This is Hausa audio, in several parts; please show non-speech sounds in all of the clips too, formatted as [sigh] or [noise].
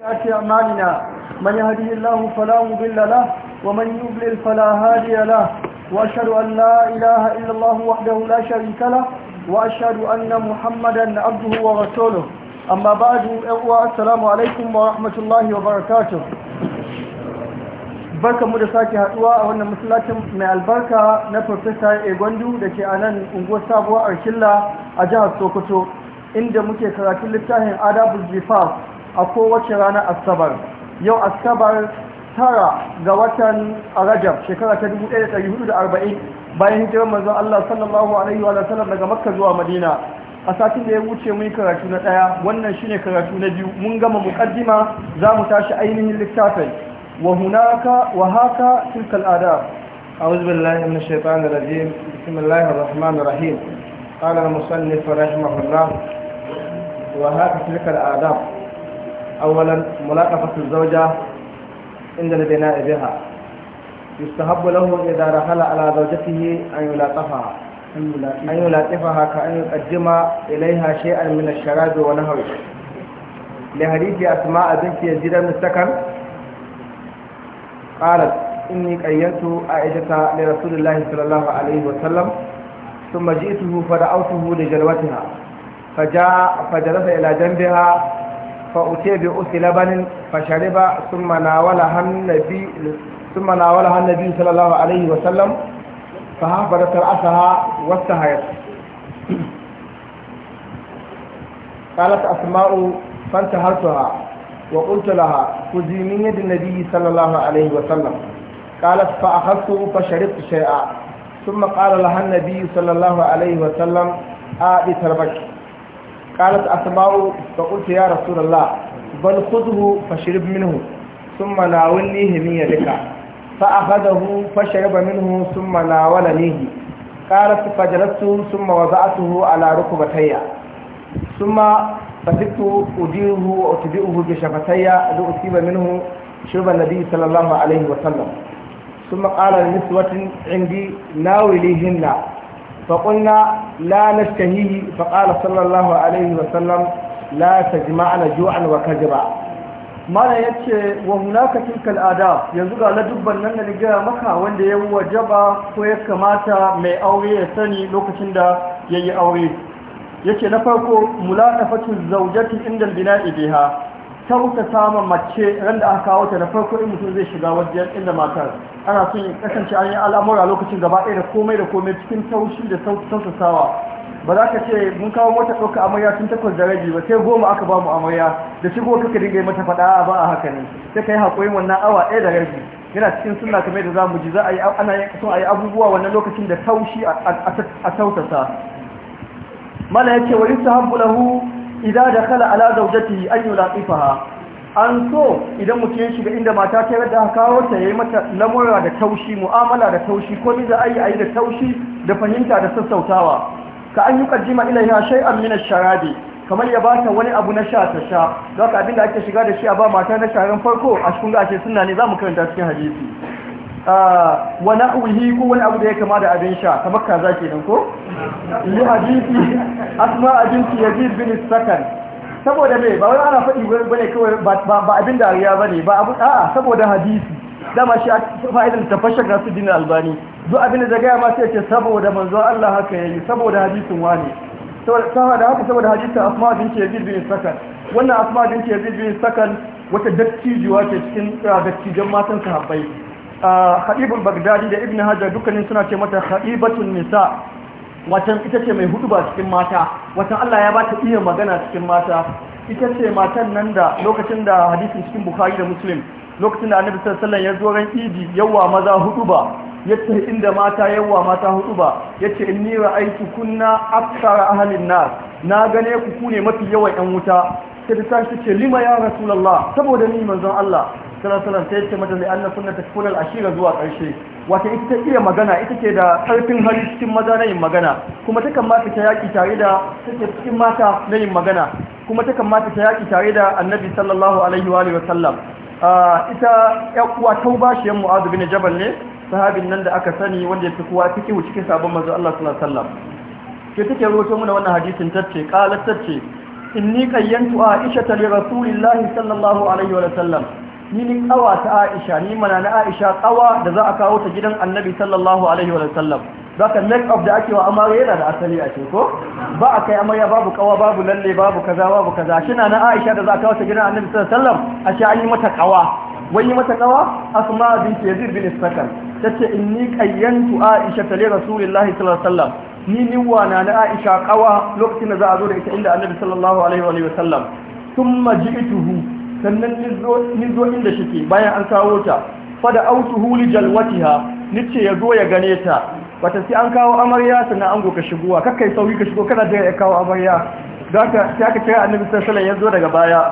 سيئات أعمالنا من يهده الله فلا مضل له ومن يضلل فلا هادي له وأشهد أن لا إله إلا الله وحده لا شريك له وأشهد أن محمدا عبده ورسوله أما بعد السلام عليكم ورحمة الله وبركاته barka mu da sake haduwa a wannan masallacin mai albarka na Professor Egwandu da ke a nan unguwar sabuwar Arkilla a jihar Sokoto inda muke karatun littafin Adabul Jifaf a kowace ranar asabar yau asabar tara ga watan rajab shekara ta 1440 bayan hijirar manzon Allah sallallahu alaihi wa sallam daga makka zuwa madina a satin da ya wuce mun karatu na daya wannan shine karatu na biyu mun gama muqaddima za mu tashi ainihin littafin wa hunaka wa haka tilka al'ada a'udhu billahi minash shaitanir rajim bismillahir rahmanir rahim qala al-musannif rahimahullah wa haka tilka al'ada أولا ملاقفة الزوجة عند البناء بها يستحب له إذا رحل على زوجته أن يلاقفها أن يلاطفها كأن يقدم إليها شيئا من الشراب ونهوه لحديث أسماء بنت يزيد بن السكن قالت إني قيلت عائشة لرسول الله صلى الله عليه وسلم ثم جئته فدعوته لجلوتها فجاء فجلس إلى جنبها فأتي بأس لبن فشرب ثم ناولها النبي ثم ناولها النبي صلى الله عليه وسلم فهبطت رأسها واستهيت قالت أسماء فانتهرتها وقلت لها خذي من يد النبي صلى الله عليه وسلم قالت فأخذته فشربت شيئا ثم قال لها النبي صلى الله عليه وسلم آئي تربك قالت أسماء فقلت يا رسول الله بل خذه فشرب منه ثم ناولنيه من يدك فأخذه فشرب منه ثم ناولنيه قالت فجلست ثم وضعته على ركبتي ثم فسكت أديره وأتبئه بشفتي لأصيب منه شرب النبي صلى الله عليه وسلم ثم قال لنسوة عندي ناوليهن فقلنا لا نشتهيه فقال صلى الله عليه وسلم لا تجمعنا جوعا وكذبا mana ya ce wa hunaka tilkal adab yanzu ga ladubban nan da gaya maka wanda ya wajaba ko ya kamata mai aure ya sani lokacin da ya yi aure Yace na farko mulaqafatul zawjati inda bina'i biha tausasa samun mace ran da aka kawo ta da farko in mutum zai shiga wajen inda matar ana son ya kasance an yi al'amura lokacin gaba ɗaya da komai da komai cikin taushi da tausasawa ba za ka ce mun kawo mota ɗauka amarya tun takwas da rabi ba sai goma aka ba mu amarya da goma kaka dinga yi mata faɗa ba a haka ne sai ka yi haƙurin wannan awa ɗaya da rabi yana cikin suna kamar da za mu ji za a yi ana a yi abubuwa wannan lokacin da taushi a tausasa mana ya ce wa sahabu lahu idan da kala ala zaujati, an yi faha. an so idan mutum ya shiga inda mata ta yarda ka kawo ta yayi mata lamura da taushi mu'amala da taushi ko ni za a yi a da taushi da fahimta da sassautawa ka an yi kaddima ilaiha shay'an min ash-sharabi kamar ya ba ta wani abu na sha ta sha don abinda ake shiga da shi a ba mata na sharan farko a cikin gashe suna ne zamu karanta cikin hadisi wa nahwihi ko wani abu da ya kama da abin sha kamar kaza kenan ko li hadisi asma ya yazid bin sakan saboda me ba wai ana faɗi bane kawai ba abin dariya bane ba abu a'a saboda hadisi dama shi fa’idan ta fashar su dinin albani zo abin da zai ma sai ce saboda manzo Allah haka yayi saboda hadisin wani saboda haka saboda hadisin asma ya yazid bin sakan wannan asma ya yazid bin sakan wata dattijuwa ce cikin dattijan matan sahabbai Habibul Bagdadi da Ibn Hajar dukkanin suna ce mata haɗibatun Nisa watan ita ce mai hudu ba cikin mata watan Allah ya ba ta iya magana cikin mata ita ce matan nan da lokacin da hadisin cikin Bukhari da Muslim lokacin da Annabi sallallahu ya zo ran Idi yawa maza hudu ba yace inda mata yawa mata hudu ba yace inni ra'aytu kunna aktsara ahlin na. na gane ku ku ne mafi yawan yan wuta sai ta tashi ce lima ya rasulullah saboda ni manzon Allah sallallahu ta yace mata li'anna kunna takfuna al-ashira zuwa karshe wata ita ta iya magana ita ce da karfin hali cikin maza na yin magana kuma ta kamata ta yaki tare da take cikin mata na yin magana kuma ta kamata ta yaki tare da annabi sallallahu alaihi wa sallam ah, ita ya kuwa taubashiyan mu'adh bin jabal ne sahabin nan da aka sani wanda ya fi kowa cikin cikin sabon manzo Allah sallallahu alaihi wa sallam ke take rawaito mana wannan hadisin tace qalat tace inni qayyantu aisha li rasulillahi sallallahu alaihi wa sallam ni ni kawa ta Aisha ni mana na Aisha kawa da za a kawo ta gidan Annabi sallallahu alaihi wa sallam za ka make up da ake wa amarya yana da asali a ce ko ba a kai amarya babu kawa babu lalle babu kaza babu kaza shina na Aisha da za a kawo ta gidan Annabi sallallahu alaihi wa sallam a ce an yi mata kawa wai yi mata kawa Asma binti Yazid bin Sakan tace inni qayyantu Aisha ta li Rasulillahi sallallahu alaihi wa sallam ni niwa na na Aisha kawa lokacin da za a zo da ita inda Annabi sallallahu alaihi wa sallam thumma ji'tuhu sannan nizo inda shi ke bayan an kawo ta fada autu huli jalwatiha nice ya zo ya gane ta wata sai an kawo amarya sannan an goka shigowa kakkai sauri ka shigo kana jira ya kawo amarya zaka sai aka kira annabi sallallahu alaihi wasallam ya zo daga baya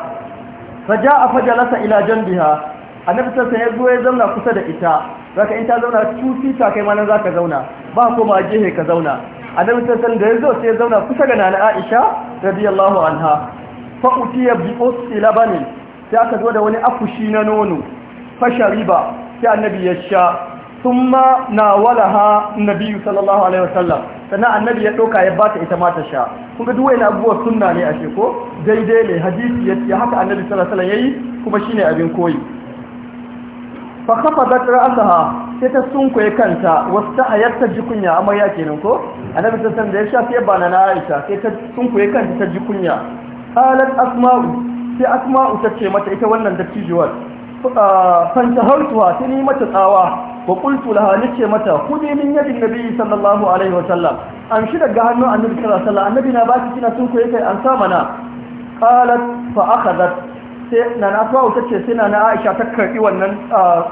faja'a fajalasa ila janbiha annabi sallallahu alaihi wasallam ya zo ya zauna kusa da ita zaka in ta zauna cuti ta kai ma nan zaka zauna ba ko ma gehe ka zauna annabi sallallahu alaihi da ya zo sai ya zauna kusa ga nana Aisha radiyallahu anha fa utiya bi usli labanin sai aka zo da wani akushi na nono fashariba sai annabi ya sha thumma nawalaha annabi sallallahu alaihi wasallam sannan annabi ya ɗauka ya bata ita ma ta sha kun ga duwayen abubuwa sunna ne a sheko daidai ne hadisi ya haka annabi sallallahu alaihi wasallam yi, kuma shine abin koyi fa da ra'saha sai ta sunkuye kanta wasta ayatta jikunya amarya kenan ko annabi sallallahu alaihi wasallam da ya sha sai ba na Aisha sai ta sunkuye kanta ta jikunya qalat asma'u sai asma'u ta ce mata ita wannan dattijuwar fanta hartuwa ta ni mata tsawa wa qultu laha ce mata kudi min yadin nabi sallallahu alaihi wa sallam an shi daga hannu annabi sallallahu alaihi wa sallam annabi na ba baki kina sun koyi kai an sa mana qalat fa akhadhat sai na na tsawo tace sai na na Aisha ta karbi wannan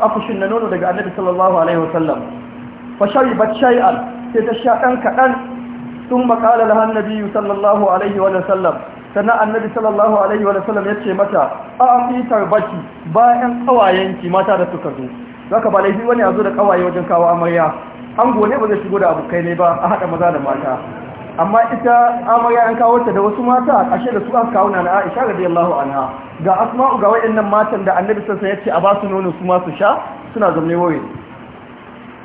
afushin na nono daga annabi sallallahu alaihi wa sallam fa sharibat shay'an sai ta sha dan kadan sun makala laha annabi sallallahu alaihi wa sallam sannan annabi sallallahu alaihi wa sallam ya ce mata a fi tarbaki bayan kawayenki mata da suka zo zaka ba laifi wani a zo da kawaye wajen kawo amarya an gone ba zai shigo da abokai ne ba a haɗa maza da mata amma ita amarya an kawo ta da wasu mata a ƙashe da su aka kawo na Aisha radiyallahu anha ga asma'u ga wayannan matan da annabi sallallahu alaihi ya ce a ba su nono su ma su sha suna zaune wuri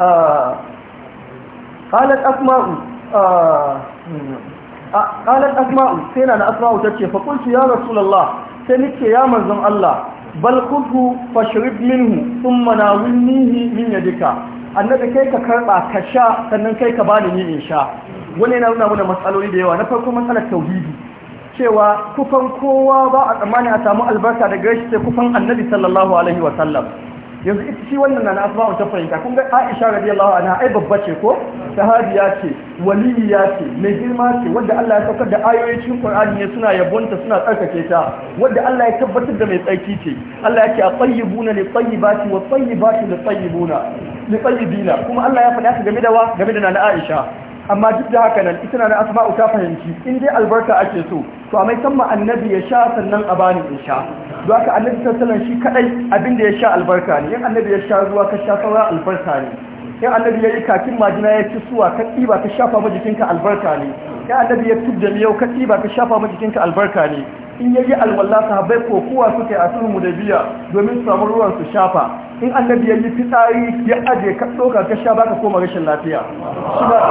ah, qalat asma'u sai na asma'u tace fa qultu ya rasulullah sai nake ya manzon Allah bal khudhu fashrib minhu thumma nawinnihi min yadika annabi kai ka karba ka sha sannan kai ka bani ni in sha wani yana nuna mana matsaloli da yawa na farko matsalar tauhidi cewa kufan kowa ba a tsammani a samu albarka daga shi sai kufan annabi sallallahu alaihi wa sallam yanzu ita shi wannan na asma'u ta fahimta kun ga Aisha radiyallahu anha ai babba ce ko sahabiya ce ya ce mai girma ce wadda Allah ya saukar da ayoyi cikin Qur'ani ne suna yabonta suna tsarkake ta wadda Allah ya tabbatar da mai tsarki ce Allah yake at-tayyibuna lit-tayyibati wa tayyibatu lit-tayyibuna lit-tayyibina kuma Allah ya faɗa game da wa game da na Aisha amma duk da haka nan ita na da asma'u ta fahimci in dai albarka ake so to a mai sama annabi ya sha sannan a bani in sha don haka annabi sallallahu shi kadai abin da ya sha albarka ne in annabi ya sha ruwa ka sha sauran albarka ne in annabi ya yi kakin majina ya ci suwa ka ɗiba ka shafa ma jikinka albarka ne ya annabi ya tubda miyau kaci ba ka shafa mu jikinka albarka ne in yayi alwala sahabbai ko kuwa suka yi mu da biya domin samu ruwan su shafa in annabi ya yi fitsari ya aje ka doka ka sha baka koma rashin lafiya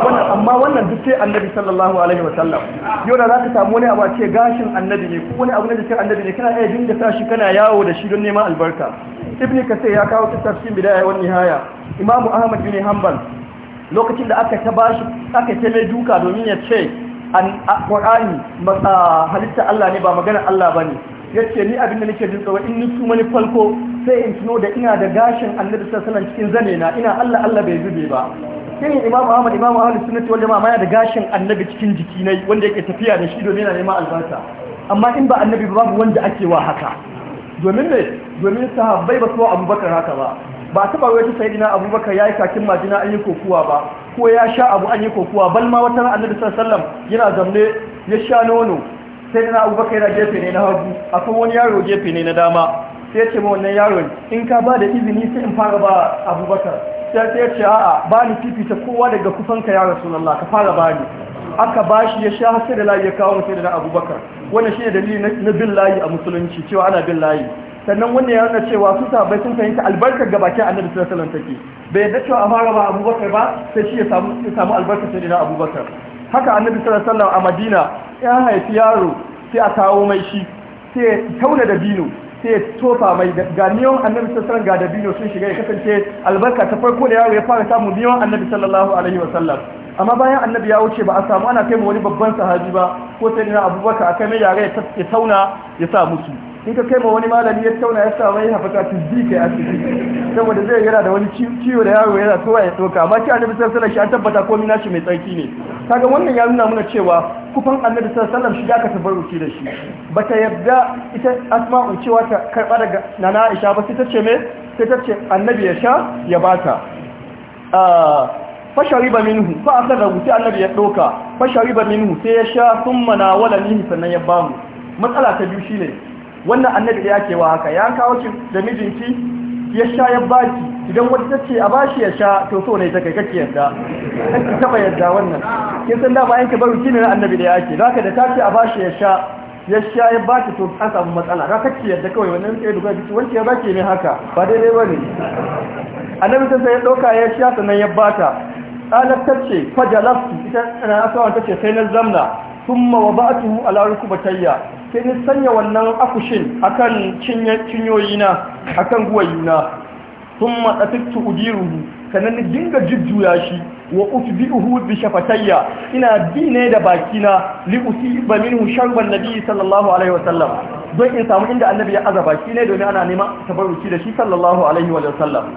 wannan amma wannan duk sai annabi sallallahu alaihi wa sallam yau da zaka samu wani abu a ce gashin annabi ne ko wani abu na jikin annabi ne kana iya dinga sa shi kana yawo da shi don neman albarka ibn kasai ya kawo tafsirin bidaya wa nihaya imamu ahmad bin hanbal lokacin da aka ta bashi aka ta mai duka domin ya ce an qur'ani halitta Allah ne ba magana Allah ba ya yace ni abinda nake jin tsoro in nisu mani falko sai in tuno da ina da gashin Annabi sallallahu cikin zane na ina Allah Allah bai zube ba sai Imam Ahmad Imam Ahlus sun wal wanda yana da gashin Annabi cikin jiki na wanda yake tafiya da shi domin yana neman albarka amma in ba Annabi ba, babu wanda ake wa haka domin ne domin sahabbai ba su Abubakar haka ba ba taɓa wata sayidina abubakar ya yi kakin majina an yi kokuwa ba ko ya sha abu an yi kokuwa bal ma wata ran annabi sallallahu yana zamne ya sha nono sayidina abubakar yana gefe ne na hagu akwai wani yaro gefe ne na dama sai ya ce ma wannan yaron in ka ba da izini sai in fara ba abubakar sai ya ce a'a ba ni fifita kowa daga kusanka ya rasulullah ka fara ba ni aka shi ya sha sai da layi ya kawo sai abubakar wannan shine dalili na bin layi a musulunci cewa ana bin layi sannan wannan ya nuna cewa su sabai sun fahimta albarkar ga bakin annabi sallallahu alaihi wasallam take bai yadda cewa a fara ba abubakar ba sai shi ya samu ya albarkar sai da abubakar haka annabi sallallahu alaihi a madina ya haifi yaro sai a kawo mai shi sai ya tauna da bino sai tofa mai ga niyon annabi sallallahu alaihi ga da bino sun shiga ya kasance albarka ta farko da yaro ya fara samu niyon annabi sallallahu alaihi wasallam amma bayan annabi ya wuce ba a samu ana kai mu wani babban sahabi ba ko sai da abubakar a kai mai yare ya tauna ya sa musu in ka kai ma wani malami ya tauna ya samu yin hafata ta ji kai asibiti saboda zai yana da wani ciwo da yaro yana towa ya tsoka amma shi annabi sallallahu alaihi shi an tabbata komai nashi mai tsarki ne kaga wannan ya nuna mana cewa kufan annabi sallallahu alaihi wasallam shi da ka tabarruki da shi bata yadda ita asma'u cewa ta karba daga nana Aisha ba sai ta ce me sai ta ce annabi ya sha ya bata ah, fashariba minhu fa aka rubuta annabi ya doka fashariba minhu sai ya sha thumma nawala minhu sannan ya bamu matsala ta biyu shine wannan annabi ya kewa haka ya kawo ki da mijinki ya sha ya baki idan wata ta ce a bashi ya sha to so ne take kake yadda kake taba yadda wannan kin san da bayan ki baro kinin annabi da yake zaka da ta ce a bashi ya sha ya sha ya baki to an samu matsala ka kake yadda kawai wannan sai duka ki wanke ya baki ne haka ba daidai bane annabi sai ya doka ya sha sannan ya bata qalat tace fajalastu ita ana asawa tace sai na zamna thumma waba'tuhu ala rukubatayya sai ni sanya wannan akushin akan na akan guwayina sun matsatiktu ujiruhu sannan ni dinga jujjuya shi wa utbi'uhu bi shafatayya ina bi ne da bakina li usiba minhu sharban nabi sallallahu alaihi wasallam don in samu inda annabi ya azaba shi ne domin ana neman tabarruki da shi sallallahu alaihi wasallam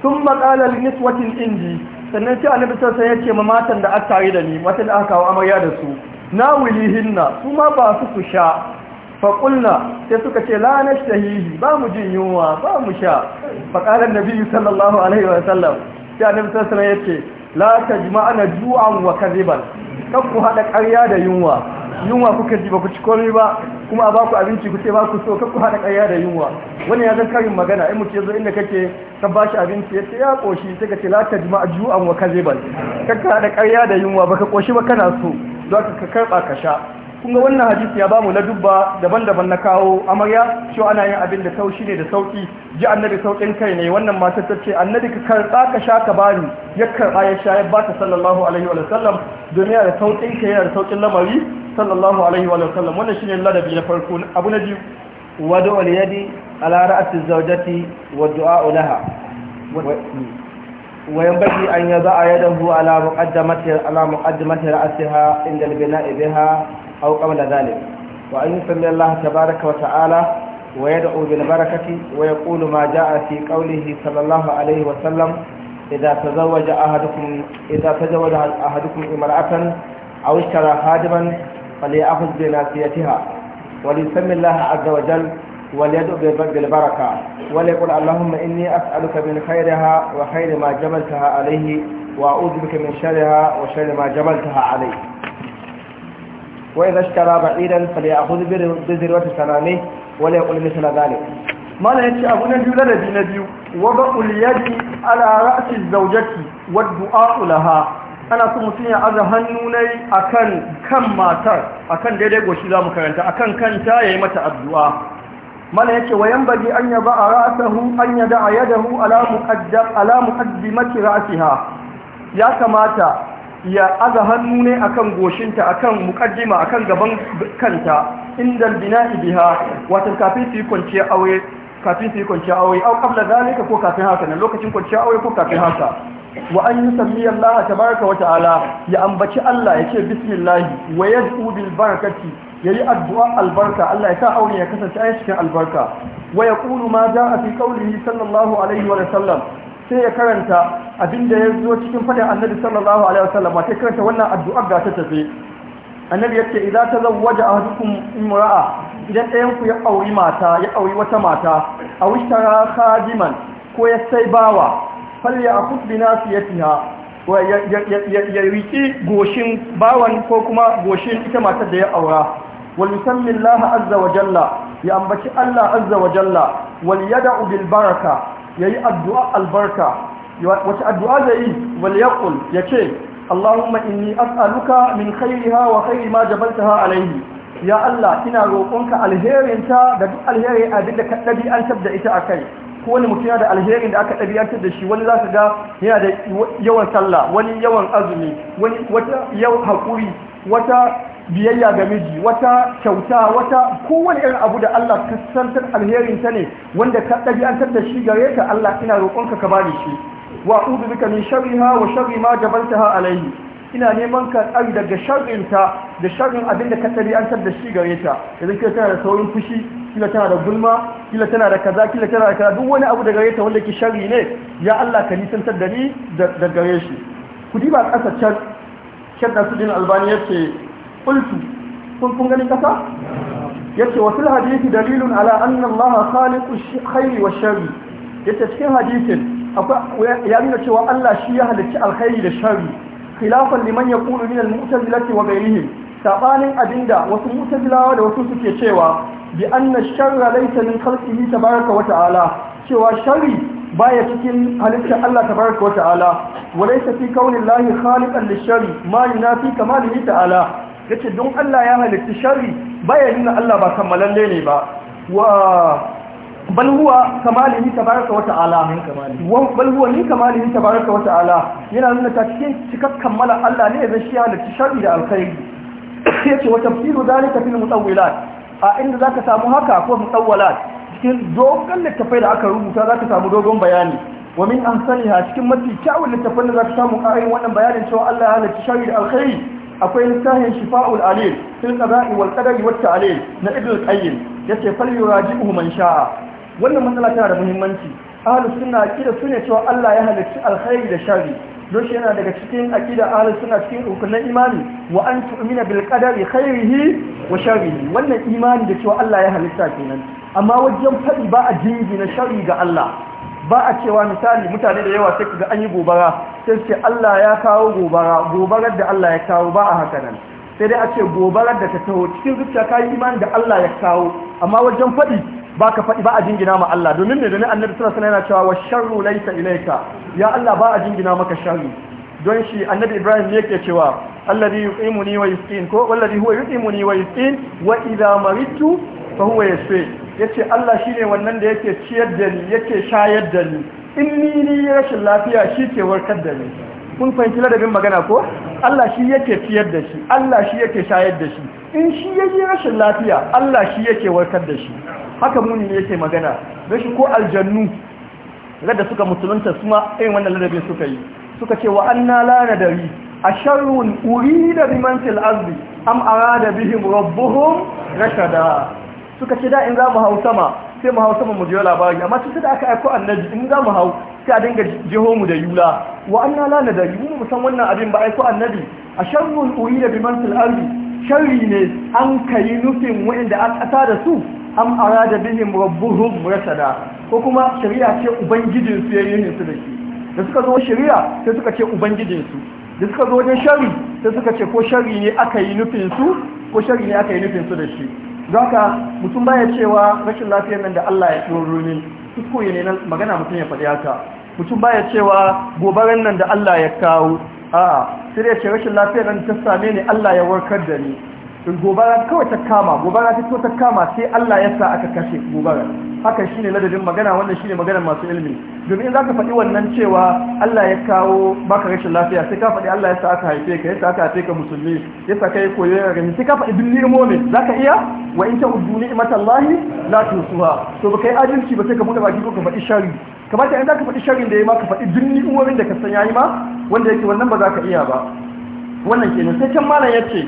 thumma qala li niswatin indi sannan sai annabi sallallahu ya ce ma matan da aka tare da ni matan da aka kawo amarya da su na wulihin na kuma ba su su sha faƙulna sai suka ce lanar na shahihi ba mu jin yunwa ba mu sha faƙalar nabi sallallahu alaihi wa sallam sai annabi sallallahu alaihi wa ya ce la na ju'an wa kadhiban kan ku haɗa ƙarya da yunwa yunwa kuka ji ba ku ci komai ba kuma a baku abinci ku ce ba ku so kan ku haɗa ƙarya da yunwa wani ya zan karin magana in mutum ya zo inda kake ka ba shi abinci ya ce ya ƙoshi sai ka ce la ta jima'a ju'an wa kaziban kan ka haɗa ƙarya da yunwa ba ka koshi ba kana so don ka karɓa ka sha Kun ga wannan hadisi ya bamu dubba daban-daban na kawo amarya cewa ana yin abin da taushi ne da sauki ji annabi saukin kai ne wannan matar ta ce annabi ka karɓa ka sha ka bani ya karɓa ya sha ya ba ta sallallahu alaihi wa sallam domin yana da sauƙin ka yana da sauƙin lamari sallallahu alaihi wa sallam wannan shine ladabi na farko abu na biyu wada wal yadi ala ra'si zawjati wa du'a laha wa yanbaghi an yada'a yadahu ala muqaddamati ala muqaddamati ra'siha inda al-bina'i biha aw qabla dhalik wa an yusalli Allah tabaaraka wa ta'ala ويدعو بالبركة ويقول ma جاء fi قوله sallallahu alaihi wa sallam. إذا تزوج أحدكم إذا تزوج أحدكم امرأة أو اشترى خادما فليأخذ بناصيتها وليسمي الله عز وجل وليدعو بالبركة وليقول اللهم إني أسألك من خيرها وخير ما جبلتها عليه وأعوذ بك من شرها وشر ما جبلتها عليه وإذا اشترى بعيدا فليأخذ بذروة سنامه وليقول مثل ذلك malam ya ce abu na biyu ladabi na biyu wada uliyadi ala ra'asin zaujaki du'a ulaha ana so mutum ya aza hannu a kan matar a kan daidai goshi za mu karanta a kan kanta ya yi mata addu'a mala ya ce wayan bagi an yaba a an yada a yadahu ala muqaddimati ya kamata ya aza hannu ne akan goshinta akan mukaddima akan gaban kanta inda bina'i biha wato kafin su yi kwanciyar aure kafin su yi kwanciya aure au qabla zalika ko kafin haka nan lokacin kwanciya aure ko kafin haka wa an yusammi Allah tabaraka wa ta'ala ya ambaci Allah ce, bismillah wa yad'u bil barakati yayi addu'a albarka Allah ya sa aure ya kasance a cikin albarka wa yaqulu ma jaa fi qawlihi sallallahu alaihi wa sallam sai ya karanta abinda ya zo cikin fadin Annabi sallallahu alaihi wa sallam sai karanta wannan addu'a ga ta tafi Annabi yace idza tazawwaja ahadukum imra'a idan ɗayan ku ya auri mata ya auri wata mata a wishtara ko ya sai bawa falle a kusbi nasu ya ya riƙi goshin bawan ko kuma goshin ita matar da ya aura wal laha azza wa jalla ya ambaci allah azza wa jalla wal yada'u baraka ya yi addu'a albarka wace addu'a zai yi waliyakul ya ce allahumma inni as'aluka min khairiha wa khairi ma ha alaihi ya Allah ina roƙonka alherinta da duk alheri abin da ka ɗabi'antar da ita a kai ko wani mutum yana da alherin da aka ɗabi'antar da shi wani za su ga yana da yawan sallah wani yawan azumi wani wata yawan haƙuri wata biyayya ga miji wata kyauta wata kowane irin abu da Allah ka ta alherin ta ne wanda ka ɗabi'antar da shi gare ka Allah ina roƙonka ka bani shi wa udu bika min sharriha wa sharri ma jabaltaha alaihi ina neman ka tsari daga ta da sharrin abin da ka an tabbata shi gare ta yanzu kila tana da saurin fushi kila tana da gulma kila tana da kaza kila tana da kaza duk wani abu da gare ta wanda ke sharri ne ya Allah ka nisantar da ni da gare shi ku diba ƙasa can su din Albani yace qultu kun kun ganin ƙasa yace wasu hadisi dalilun ala anna Allah khaliqu khairi wa sharri yace cikin hadisin akwai ya nuna cewa Allah shi ya halicci alkhairi da sharri khilafan liman yaqulu min al-mu'tazilati wa ghayrihim sabanin abinda wasu mu'tazilawa da wasu suke cewa bi anna sharra laysa min khalqihi tabaraka wa ta'ala cewa sharri baya cikin halittar Allah tabaraka wa ta'ala wa laysa fi kaunillahi khaliqan lish-sharri ma yunafi kamalihi ta'ala yace don Allah ya halitta sharri baya nuna Allah ba kammalalle ne ba wa bal huwa kamalihi tabaraka wa ta'ala bal huwa ni kamalihi tabaraka wa ta'ala yana nuna ta cikin cikakkan kammala Allah ne zai shi da sharri da alkhairi [coughs] yace wa tafsiru dalika fil mutawwilat a inda zaka samu haka ko mutawwalat cikin dogon littafai da aka rubuta zaka samu dogon bayani wa min amsaliha cikin mafi kyawun littafin da zaka samu ayin wannan bayanin cewa Allah ya halarci sharri da alkhairi akwai littafin shifa'ul alil fil qada'i wal qadari wat ta'lil na ibn qayyim yace fal yuraji'uhu man sha'a wannan matsala tana da muhimmanci ahlus sunna akida sune cewa Allah ya halicci alkhairi da sharri don shi yana daga cikin akida ahlus sunna cikin rukunin imani wa an tu'mina bil qadari khairihi wa sharrihi wannan imani da cewa Allah ya halitta kenan amma wajen faɗi ba a jingina sharri ga Allah ba a cewa misali mutane da yawa sai ga an yi gobara sai ce Allah ya kawo gobara gobarar da Allah ya kawo ba a haka nan sai dai a ce gobarar da ta taho cikin zuciya kayi imani da Allah ya kawo amma wajen faɗi. ba ka faɗi ba a jingina ma Allah domin ne domin annabi sallallahu alaihi yana cewa wa sharru laysa ilayka ya Allah ba a jingina maka sharri don shi annabi Ibrahim ne yake cewa alladhi yuqimuni wa yusqin ko alladhi huwa yuqimuni wa yusqin wa idha maritu fa huwa yashfi yace Allah shine wannan da yake ciyar da ni yake shayar da ni in ni ni rashin lafiya shi ke warkar da ni kun fahimci ladabin magana ko Allah shi yake ciyar da shi Allah shi yake shayar da shi in shi yake rashin lafiya Allah shi yake warkar da shi haka muni yake magana don shi ko aljannu da suka musulunta su ma irin wannan ladabin suka yi suka ce wa anna la nadari asharrun urida biman fil ardi am arada bihim rabbuhum rashada suka ce da in za mu hau sama sai mu hau sama mu ji labari amma tun da aka aiko annabi in za mu hau sai a dinga jeho mu da yula wa anna la nadari mu san wannan abin ba aiko annabi asharrun urida biman fil ardi sharri ne an kai nufin wanda aka da su ara da bihin rabbuhum rasada ko kuma shari'a ce ubangijin su yayin su da shi da suka zo shari'a sai suka ce ubangijin su da suka zo wajen shari sai suka ce ko shari ne aka yi nufin su ko shari ne aka yi nufin su da shi zaka mutum baya cewa rashin lafiyar nan da Allah ya tsoro ne kuskure ne nan magana mutum ya faɗi haka mutum baya cewa gobaran nan da Allah ya kawo a'a sai ya ce rashin lafiyar nan ta same ni Allah ya warkar da ni gobara kawai ta kama gobara ta ta kama sai Allah ya sa aka kashe gobara Haka shine ladabin magana wannan shine magana masu ilimi domin zaka faɗi wannan cewa Allah ya kawo baka rashin lafiya sai ka faɗi Allah ya sa aka haife ka ya sa aka haife ka musulmi ya sa kai koyo ya gani sai ka faɗi bin ni'imomin zaka iya wa in ta'uddu ni'matallahi la tusuha to baka yi adalci ba sai ka buɗe baki ko ka faɗi shari kamar ta in zaka faɗi sharin da ya ma ka faɗi bin ni'imomin da ka san yayi ma wanda yake wannan ba za ka iya ba wannan kenan sai can malam yace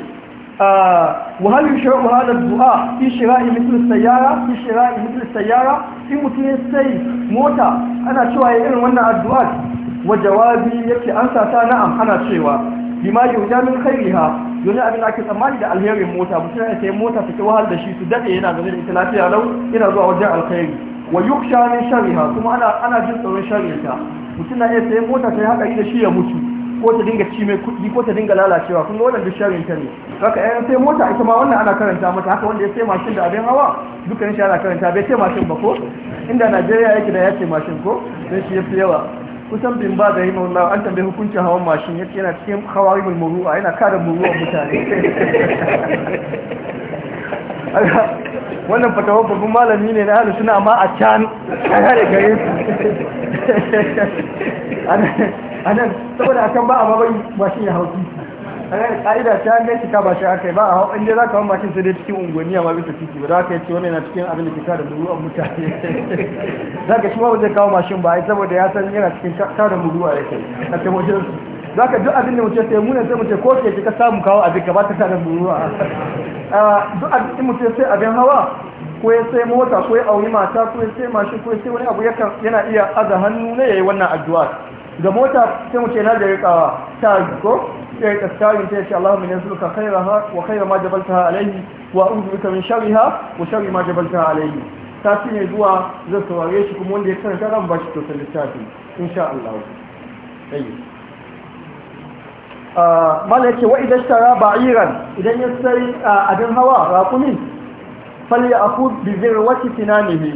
wahal yushra wa hada du'a fi shira'i mithl sayyara fi shira'i mithl sayyara in mutum ya sai mota ana cewa ya irin wannan addu'a wa jawabi yake an sata na'am ana cewa bima yuja min khairiha yana abin da ake tsammani da alherin mota mutum ya sai mota take wahal da shi su dade yana game da ita lafiya lau yana zuwa wajen alkhairi wa yuksha min sharriha kuma ana ana jin tsoron sharrinta mutum na iya sai mota ta yi haƙari da shi ya mutu ko ta dinga ci mai kuɗi ko ta dinga lalacewa kun ga wannan duk sharin ta ne haka ɗayan sai mota ita ma wannan ana karanta mata haka wanda ya sai mashin da abin hawa dukkan shi ana karanta bai sai mashin ba ko inda najeriya yake da ya sai mashin ko don shi ya fi yawa kusan bin ba da yin wallah an tambayi hukuncin hawan mashin yake yana cikin hawa mai yana kada muru'a mutane [laughs] wannan fatawar babban malami ne na ahlus suna amma a can a kare gare su [laughs] nan saboda kan ba a babban mashin ya hauki anan ka'ida ta ga shi ka ba shi yi ba a hau inda za ka wani mashin sai dai cikin unguwanni a bisa titi ba za ka ce wani na cikin abin da ke kada muruwan mutane [laughs] za ka shi ma ba zai kawo mashin ba ai saboda ya san yana cikin kada muruwa yake a cikin su za ka duk abin da mutum sai muna sai mutum ko ke ka samu kawo abin ka ba ta tare da ruwa duk abin da mutum sai abin hawa ko ya sai mota ko ya auri mata ko ya sai mashin ko ya sai wani abu yana iya aza hannu ne yayi wannan addu'a ga mota sai mutum yana da rikawa ta ko ya rika tsarin ta yace Allahumma nas'aluka khairaha wa khaira ma jabaltaha alaihi wa a'udhu bika min sharriha wa sharri ma jabaltaha alaihi. ta ne zuwa zai saurare shi kuma wanda ya karanta ran ba shi to littafi insha Allah mala yake wa idan shara ba'iran idan ya sai abin hawa rakumi falli a ku bizir wacce tinanihi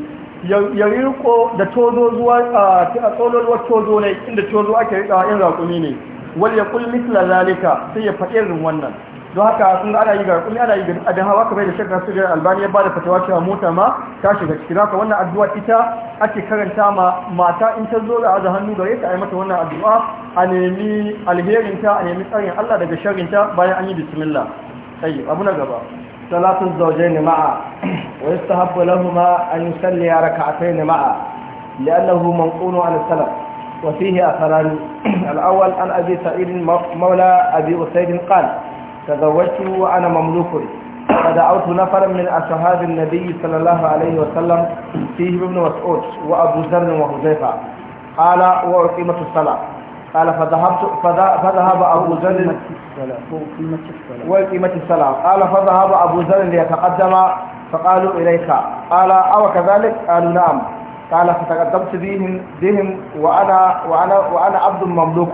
ya riko da tozo zuwa a tsololuwar tozo ne inda tozo ake rikawa in rakumi ne wal ya kul mitla sai ya faɗi irin wannan don haka sun ana yi ga rakumi ana yi ga adan hawa kamar da shekara su ga ya ba da fatawa cewa mota ma ta shiga ciki haka wannan addu'a ita ake karanta ma mata in ta zo da hannu gare ta a yi mata wannan addu'a a nemi alherinta a nemi tsarin Allah daga ta bayan an yi bismillah Sai abu na gaba salatu zawjain ma'a wa yastahabbu lahumu an sai rak'atayn ma'a li'annahu manqulun 'ala salaf a أثران Al'awal an abi سعيد Mawla abi أسيد qala تزوجت وأنا مملوك فدعوت نفرا من أصحاب النبي صلى الله عليه وسلم فيهم ابن مسعود وأبو ذر وحذيفة قال وأقيمت الصلاة قال فذهبت فذهب أبو ذر وأقيمت الصلاة قال فذهب أبو ذر ليتقدم فقالوا إليك قال أو كذلك قالوا نعم قال فتقدمت بهم بهم وأنا وأنا وأنا عبد مملوك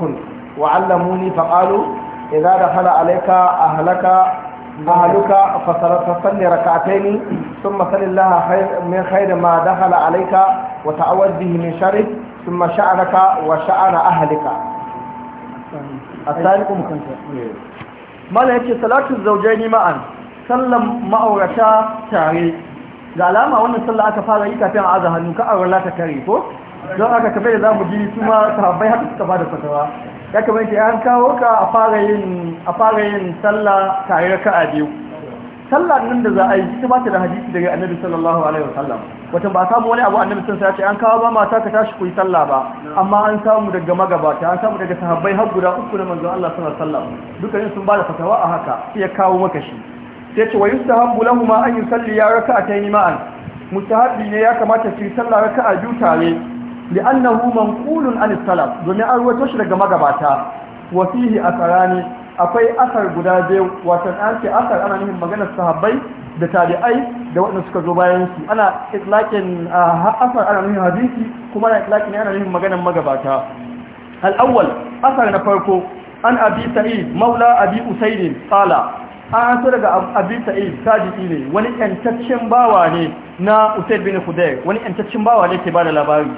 وعلموني فقالوا idza dakhala alayka ahlaka ahluka fasalli rak'atayn thumma salli Allah min khayr ma dakhala alayka wa ta'awwad bihi min sharri thumma sha'anaka wa sha'ana ahlika asali kuma kanta mala ma'an sallan ma'aurata tare da alama wannan sallah aka fara yi kafin a aza hannu ka aurata tare ko don aka kafe da zamu ji su ma sahabbai haka suka bada fatawa ya kamata ya an kawo ka a fara yin sallah tare ka'a biyu sallah nan da za a yi ita ba ta da hadisi daga annabi sallallahu alaihi wasallam wata ba samu wani abu annabi sun sace an kawo ba mata ka tashi kuyi sallah ba amma an samu daga magabata an samu daga sahabbai har guda uku na manzon Allah sallallahu alaihi wasallam dukkanin sun bada fatawa a haka sai ya kawo maka shi sai ce wa yustahabbu lahumu an yusalli ya raka'atayn ma'an mustahabbi ne ya kamata su yi sallah raka'a biyu tare li'annahu manqulun an salaf domin an ruwato shi daga magabata wa fihi asarani akwai asar guda biyu wato an ce asar ana nufin maganar sahabbai da tabi'ai da waɗanda suka zo bayan su ana itlaqin asar ana nufin hadisi kuma ana itlaqin ana nufin maganar magabata al-awwal asar na farko an abi sa'id maula abi usaid qala an so daga abin sa'id sajiki ne wani yantaccen bawa ne na usaid bin hudayr wani yantaccen bawa ne ke da labari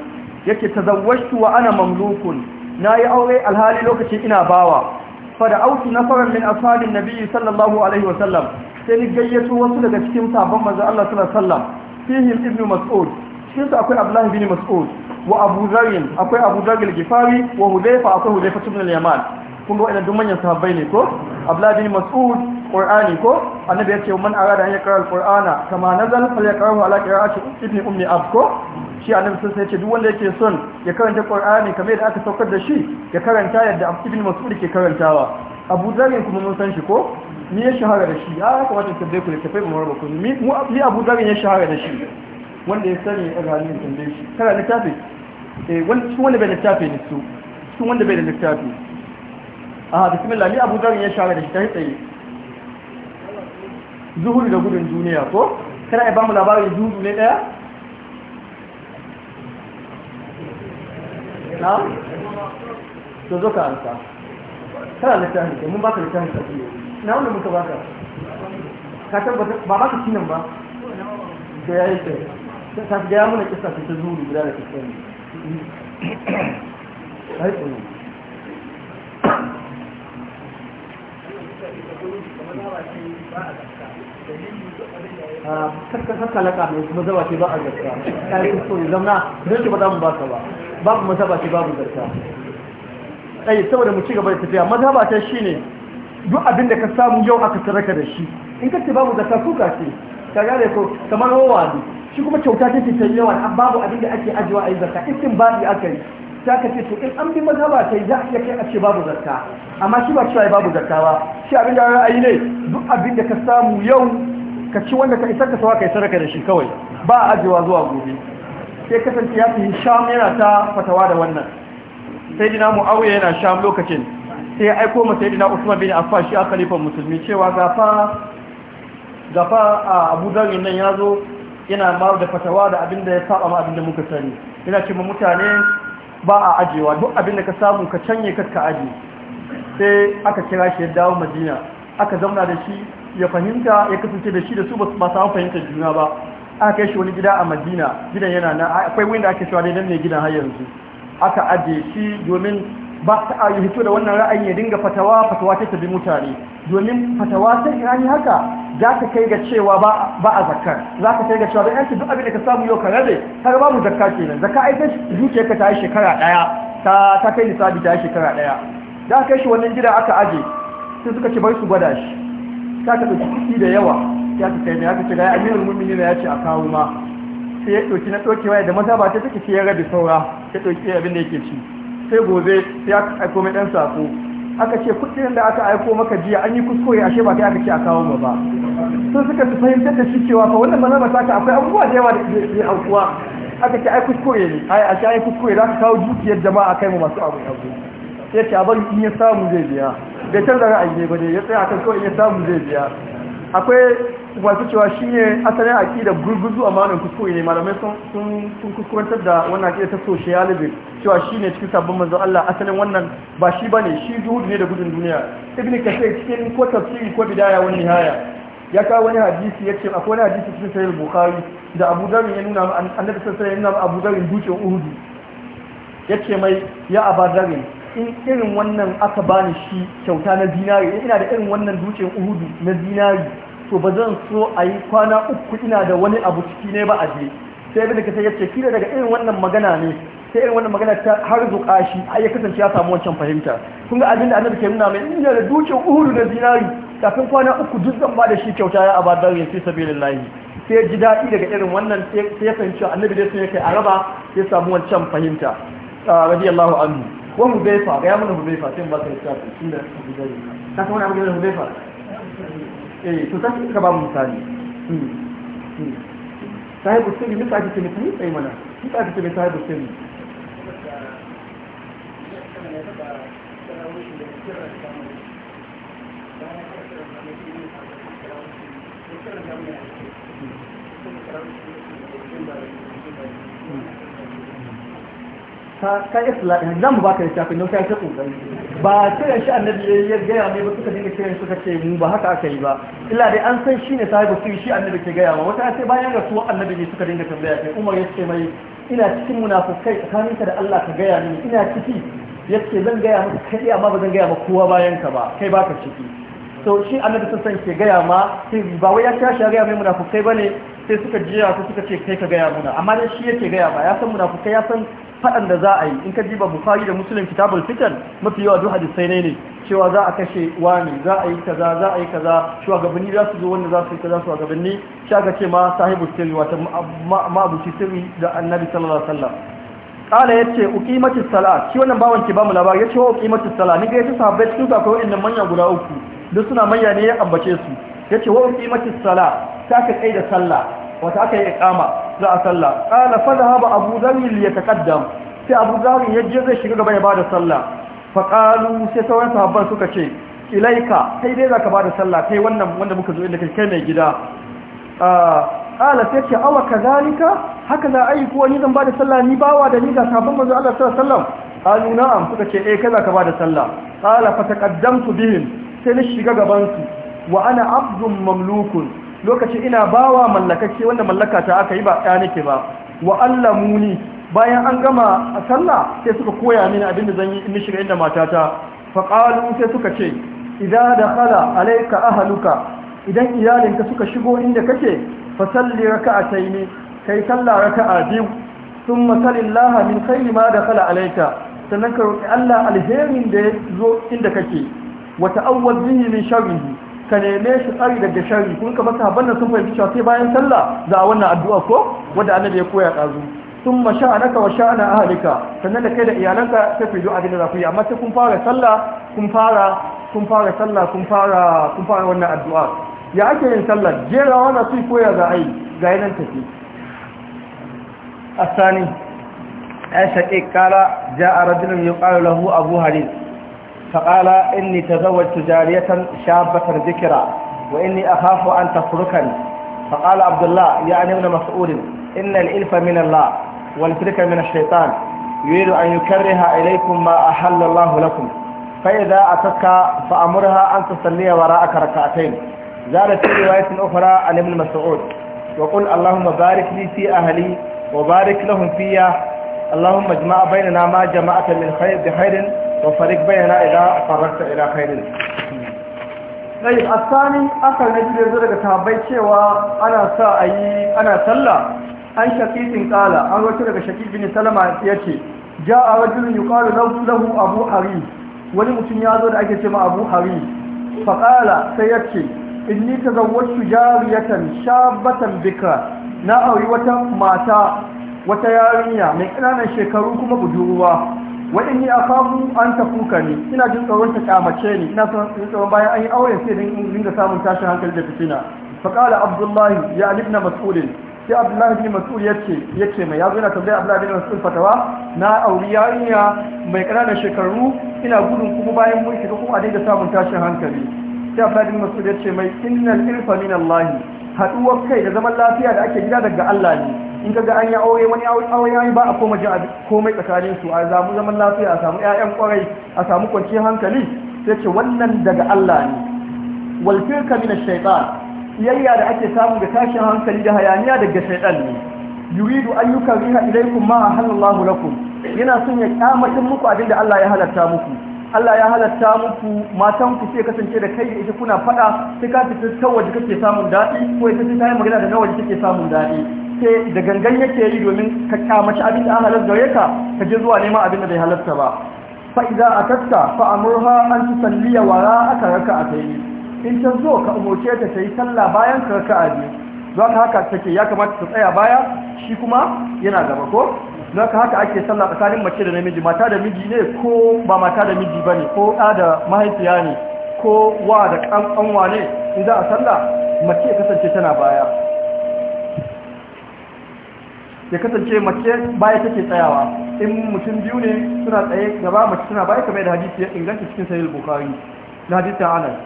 yake tazawwashtu wa ana mamlukun nayi aure alhali lokacin ina bawa fa da autu nafaran min ashabin nabiyyi sallallahu alaihi wa sallam sai ni gayyato wasu daga cikin sabon manzo Allah sallallahu alaihi wa sallam fihim ibnu mas'ud cikin su akwai abdullah ibn mas'ud wa abu zarrin akwai abu zarrin gifari wa hudayfa akwai hudayfa ibn al-yaman kun ga wannan duk manyan sahabbai ne ko abdullah ibn mas'ud qur'ani ko annabi ya ce man arada an yaqra alqur'ana kama nazal falyaqrahu ala qira'ati ibn ummi ab ko shi annabi sun sai ce duk wanda yake son ya karanta qur'ani kamar yadda aka saukar da shi ya karanta yadda ibn mas'ud ke karantawa abu zarin kuma mun san shi ko ni ya shahara da shi ya kuma ta tabbai ku da tafai ba kunu, ni abu zarin ya shahara da shi wanda ya sani ya ga hannun tambaye shi kana littafi eh wanda bai littafi ne su shi wanda bai da littafi a ah, bismillah ni abu zarin ya shahara da shi ta tsaye zuhuri da gudun duniya ko kana ba mu labarin zuhuri ne daya na to zo ka amsa kana littafi ke mun baka littafi ka fiye na wanda muka ba ka tabbata ba ka? kinan ba da ya yi ta ta gaya mana kisa ta zuhuri guda da kisa ne ai Thank you. Ah, kakka laka mai mazaba ce ba a zarta ta yi kuskure zamna don shi ba mu baka ba babu mazaba ce babu zarta ɗaya saboda mu ci gaba da tafiya mazaba ta shi ne duk abin da ka samu yau aka sarraka da shi in ka ce babu zarta ka ce ka gane ko kamar rowa ne shi kuma kyauta ta ce ta yawa babu abin da ake ajiwa a yi zarta isin babu aka ta ka ce to in an bi mazhaba kai za a iya kai a ce babu zakka amma shi ba cewa babu zakka ba shi abin da ra'ayi ne duk abin da ka samu yau ka ci wanda ka isa ka sawa kai raka da shi kawai ba a ajewa zuwa gobe sai kasance ya fi sham yana ta fatawa da wannan sai dina auya yana sham lokacin sai ya aiko masa sai dina usman bin affan shi a khalifan musulmi cewa gafa gafa a abu zarin nan ya zo yana ma da fatawa da abin da ya saba ma abin da muka sani yana ce mutane ba a ajewa duk abin da ka samu ka canye ka aje sai aka kira shi ya dawo madina aka zauna da shi ya fahimta ya kasance da shi da su ba samu fahimtar juna ba aka kai shi wani gida a madina gidan yana na akwai wanda ake shawa daidan ne gidan har yanzu aka aje shi domin ba ta yi hito da wannan ra'ayi ya dinga fatawa fatawa ta tabi mutane domin fatawa ta yi haka za ka kai ga cewa ba a zakka za ka kai ga cewa da yanki duk abin da ka samu yau ka rabe ba mu zakka kenan zakka ai sai ka ta yi shekara daya ta ta kai lissafi ta yi shekara daya za ka kai shi wannan gida aka aje sai suka ce bai su gwada shi ta ka ɗauki kuɗi da yawa ya ka kai da ya ka ce ga amirul mu'minin ya ce a kawo ma sai ya dauki na dauke waya da maza ba ta take ce ya rabe saura ya dauki abin da yake ci sai gobe sai ya aiko mai ɗan sako aka ce kuɗin da aka aiko maka jiya an yi kuskure ashe ba kai aka ce a kawo ma ba sun suka fi fahimtar da shi cewa fa wannan mazhaba ta ka akwai abubuwa da yawa da ke aukuwa aka ce ai kuskure ne ai a ce ai kuskure za ka kawo dukiyar jama'a kai mu masu abu abu Ya ce a in ya samu zai biya bai canza ra'ayi ne ba ne ya tsaya kan kawai in ya samu zai biya akwai masu cewa shi ne asalin da gurguzu a manin kuskure ne malamai sun kuskurantar da wannan aƙidar ta socialism cewa shi ne cikin sabbin manzo Allah asalin wannan ba shi ba ne shi zuhudu ne da gudun duniya ibn kasir cikin ko tafsiri ko bidaya wani haya ya kawo wani hadisi ya ce akwai wani hadisi cikin sahih bukhari da abu darin ya nuna annabi sallallahu alaihi wasallam abu darin duke uhudu ya ce mai ya aba darin in irin wannan aka bani shi kyauta na zinari ina da irin wannan duke uhudu na zinari to ba zan so a yi kwana uku ina da wani abu ciki ne ba a je sai bin ka sai ya ce kila daga irin wannan magana ne sai irin wannan magana ta har zuƙa shi ai ya kasance ya samu wancan fahimta kun ga abin da annabi ke nuna mai ina da duke uhudu na zinari kafin kwana uku duk zan ba da shi kyauta ya abadar ya fi sabilillahi sai ji daɗi daga irin wannan sai ya fahimci annabi dai sun yake araba sai samu wancan fahimta ah, radiyallahu anhu wa hudayfa ga yamin hudayfa sai ba ka lissafi tunda hudayfa ka san wani abu da hudayfa eh to sai ka ba mu misali hmm, hmm. sahibu sirri misa ake ce misali sai mana misali. ce mai sahibu sirri ka isla ɗin zan mu baka littafin don yi ta kokari ba kiran shi annabi ya gaya ne ba suka dinga kiran suka ce mu ba haka aka yi ba illa dai an san shi ne sahibu su shi annabi ke gaya ma wata ya ce bayan rasuwar annabi ne suka dinga tambaya kai umar ya ce mai ina cikin munafukai tsakaninka da Allah ka gaya mini ina ciki ya ce zan gaya maka kai amma ba zan gaya ma kowa bayan ka ba kai baka ciki to shi annabi sun san ke gaya ma sai ba wai ya tashi ya gaya mai munafukai ba ne. sai suka jiya ko suka ce kai ka gaya muna amma dai shi yake gaya ba ya san kai ya san faɗan da za a yi in ka jiba bukari da musulun kitabul fitan mafi yawa duk hadisai ne ne cewa za a kashe wani za a yi kaza za a yi kaza shugabanni za su zo wanda za su yi kaza shugabanni shi aka ce ma sahibu sirri wata ma'abuci sirri da annabi sallallahu alaihi wasallam kala yace uqimatu salat shi wannan bawan ke ba mu labari yace uqimatu salat ni ga yace sahabbai su ga ko inda manya guda uku duk suna manya ne ya ambace su yace wa qimatis sala ta ka kai da sallah wata aka yi iqama za a sallah qala fa dhahaba abu dharr li yataqaddam sai abu dharr yaje zai shiga gaba ya bada sallah fa qalu sai sauran sahabban suka ce ilaika kai dai zaka bada sallah kai wannan wanda muka zo inda kai kai mai gida ah, qala sai ce awa ka? haka za a yi kuwa ni zan bada sallah ni bawa da ni ga sahabban manzo Allah sallallahu alaihi wasallam qalu na'am suka ce eh kaza ka bada sallah qala fa taqaddamtu bihim sai ni shiga gaban su wa ana abdun mamlukun lokacin ina bawa mallakacce wanda mallaka ta aka yi ba ɗaya nake ba wa allamuni bayan an gama a sallah sai suka koya mini abin da zan yi in shiga inda matata fa qalu sai suka ce idza dakhala alayka ahluka idan iyalinka suka shigo inda kake fa salli raka'atayn kai sallah raka'a biyu thumma sallillaha min khayri ma dakhala alayka sannan ka roki Allah alherin da ya zo inda kake wa ta'awwaz bihi min sharrihi ka neme shi tsari daga shari kun ka fasa bannan sun fahimci cewa sai bayan sallah za a wannan addu'a ko wanda annabi ya koya ɗazu sun ma sha'anaka wa sha'ana ahalika sannan da kai da iyalanka sai ku yi abin da za ku yi amma sai kun fara sallah kun fara kun fara sallah kun fara kun fara wannan addu'a ya ake yin sallah jerawa na su koya za a yi ga yanan tafi asani ai shaqiq qala ja'a rajulun yuqalu lahu abu harith فقال إني تزوجت جارية شابة ذكرى وإني أخاف أن تتركني فقال عبد الله يعني ابن مسعود إن الإلف من الله والفرك من الشيطان يريد أن يكره إليكم ما أحل الله لكم فإذا أتتك فأمرها أن تصلي وراءك ركعتين زالت في رواية أخرى عن ابن مسعود وقل اللهم بارك لي في أهلي وبارك لهم فيها اللهم اجمع بيننا ما جمعت من خير بخير وفرق بيننا إذا فرقت إلى خير طيب الثاني أصل نجد يزرق تابعي شوى أنا سأي أنا سلا أن شكيت قال أن وشرق شكيت بن سلمة يتي جاء رجل يقال له أبو حريف ولمتن يازور أجسم أبو حريف فقال سيتي إني تزوجت جارية شابة بكرة na auri wata mata wata yarinya mai ƙananan shekaru kuma budurwa waɗanni a kamu an tafuka ne ina jin tsoron ta kyamace ne ina tsoron bayan an yi aure sai don da samun tashin hankali da fitina faƙala abdullahi ya alif na mas'ulin sai abdullahi bin mas'ul ya ce mai yazo yana tambaya abdullahi bin mas'ul fatawa na auri yarinya mai ƙananan shekaru ina gudun kuma bayan mun shiga kuma a da samun tashin hankali sai abdullahi bin mas'ul ce mai innal irfa min haɗuwar kai da zaman lafiya da ake gida daga Allah ne in ga an yi aure wani aure yi ba a koma jin komai tsakanin su a zamu zaman lafiya a samu ƴaƴan kwarai a samu kwanciyar hankali sai ce wannan daga Allah ne wal firka min ash-shaytan iyayya da ake samu ga tashin hankali da hayaniya daga shaytan ne yuridu an yukariha ilaykum ma halallahu lakum yana son ya kamatin muku abinda Allah ya halatta muku Allah ya halatta muku matan ku sai kasance da kai da ita kuna fada sai ka fita ta waje kake samun dadi ko ita ta yi magana da nawa kake samun dadi ke da gangan yake yi domin ka kyamaci abin da an halar gare ka ka je zuwa neman abin da bai halarta ba fa idza atatta fa amurha an tusalliya wara aka raka a kai in ta zo ka umurce ta ta yi sallah bayan ka raka aje. biyu don haka take ya kamata ta tsaya baya shi kuma yana gaba ko don haka ake sallah tsakanin mace da namiji mata da miji ne ko ba mata da miji bane ko ɗa da mahaifiya ne ko wa da ƙanƙanwa ne in za a sallah mace kasance tana baya ya kasance mace baya take tsayawa in mutum biyu ne suna tsaye gaba mace suna baya kamar da hadisi ya inganta cikin sahih bukhari na hadisin anas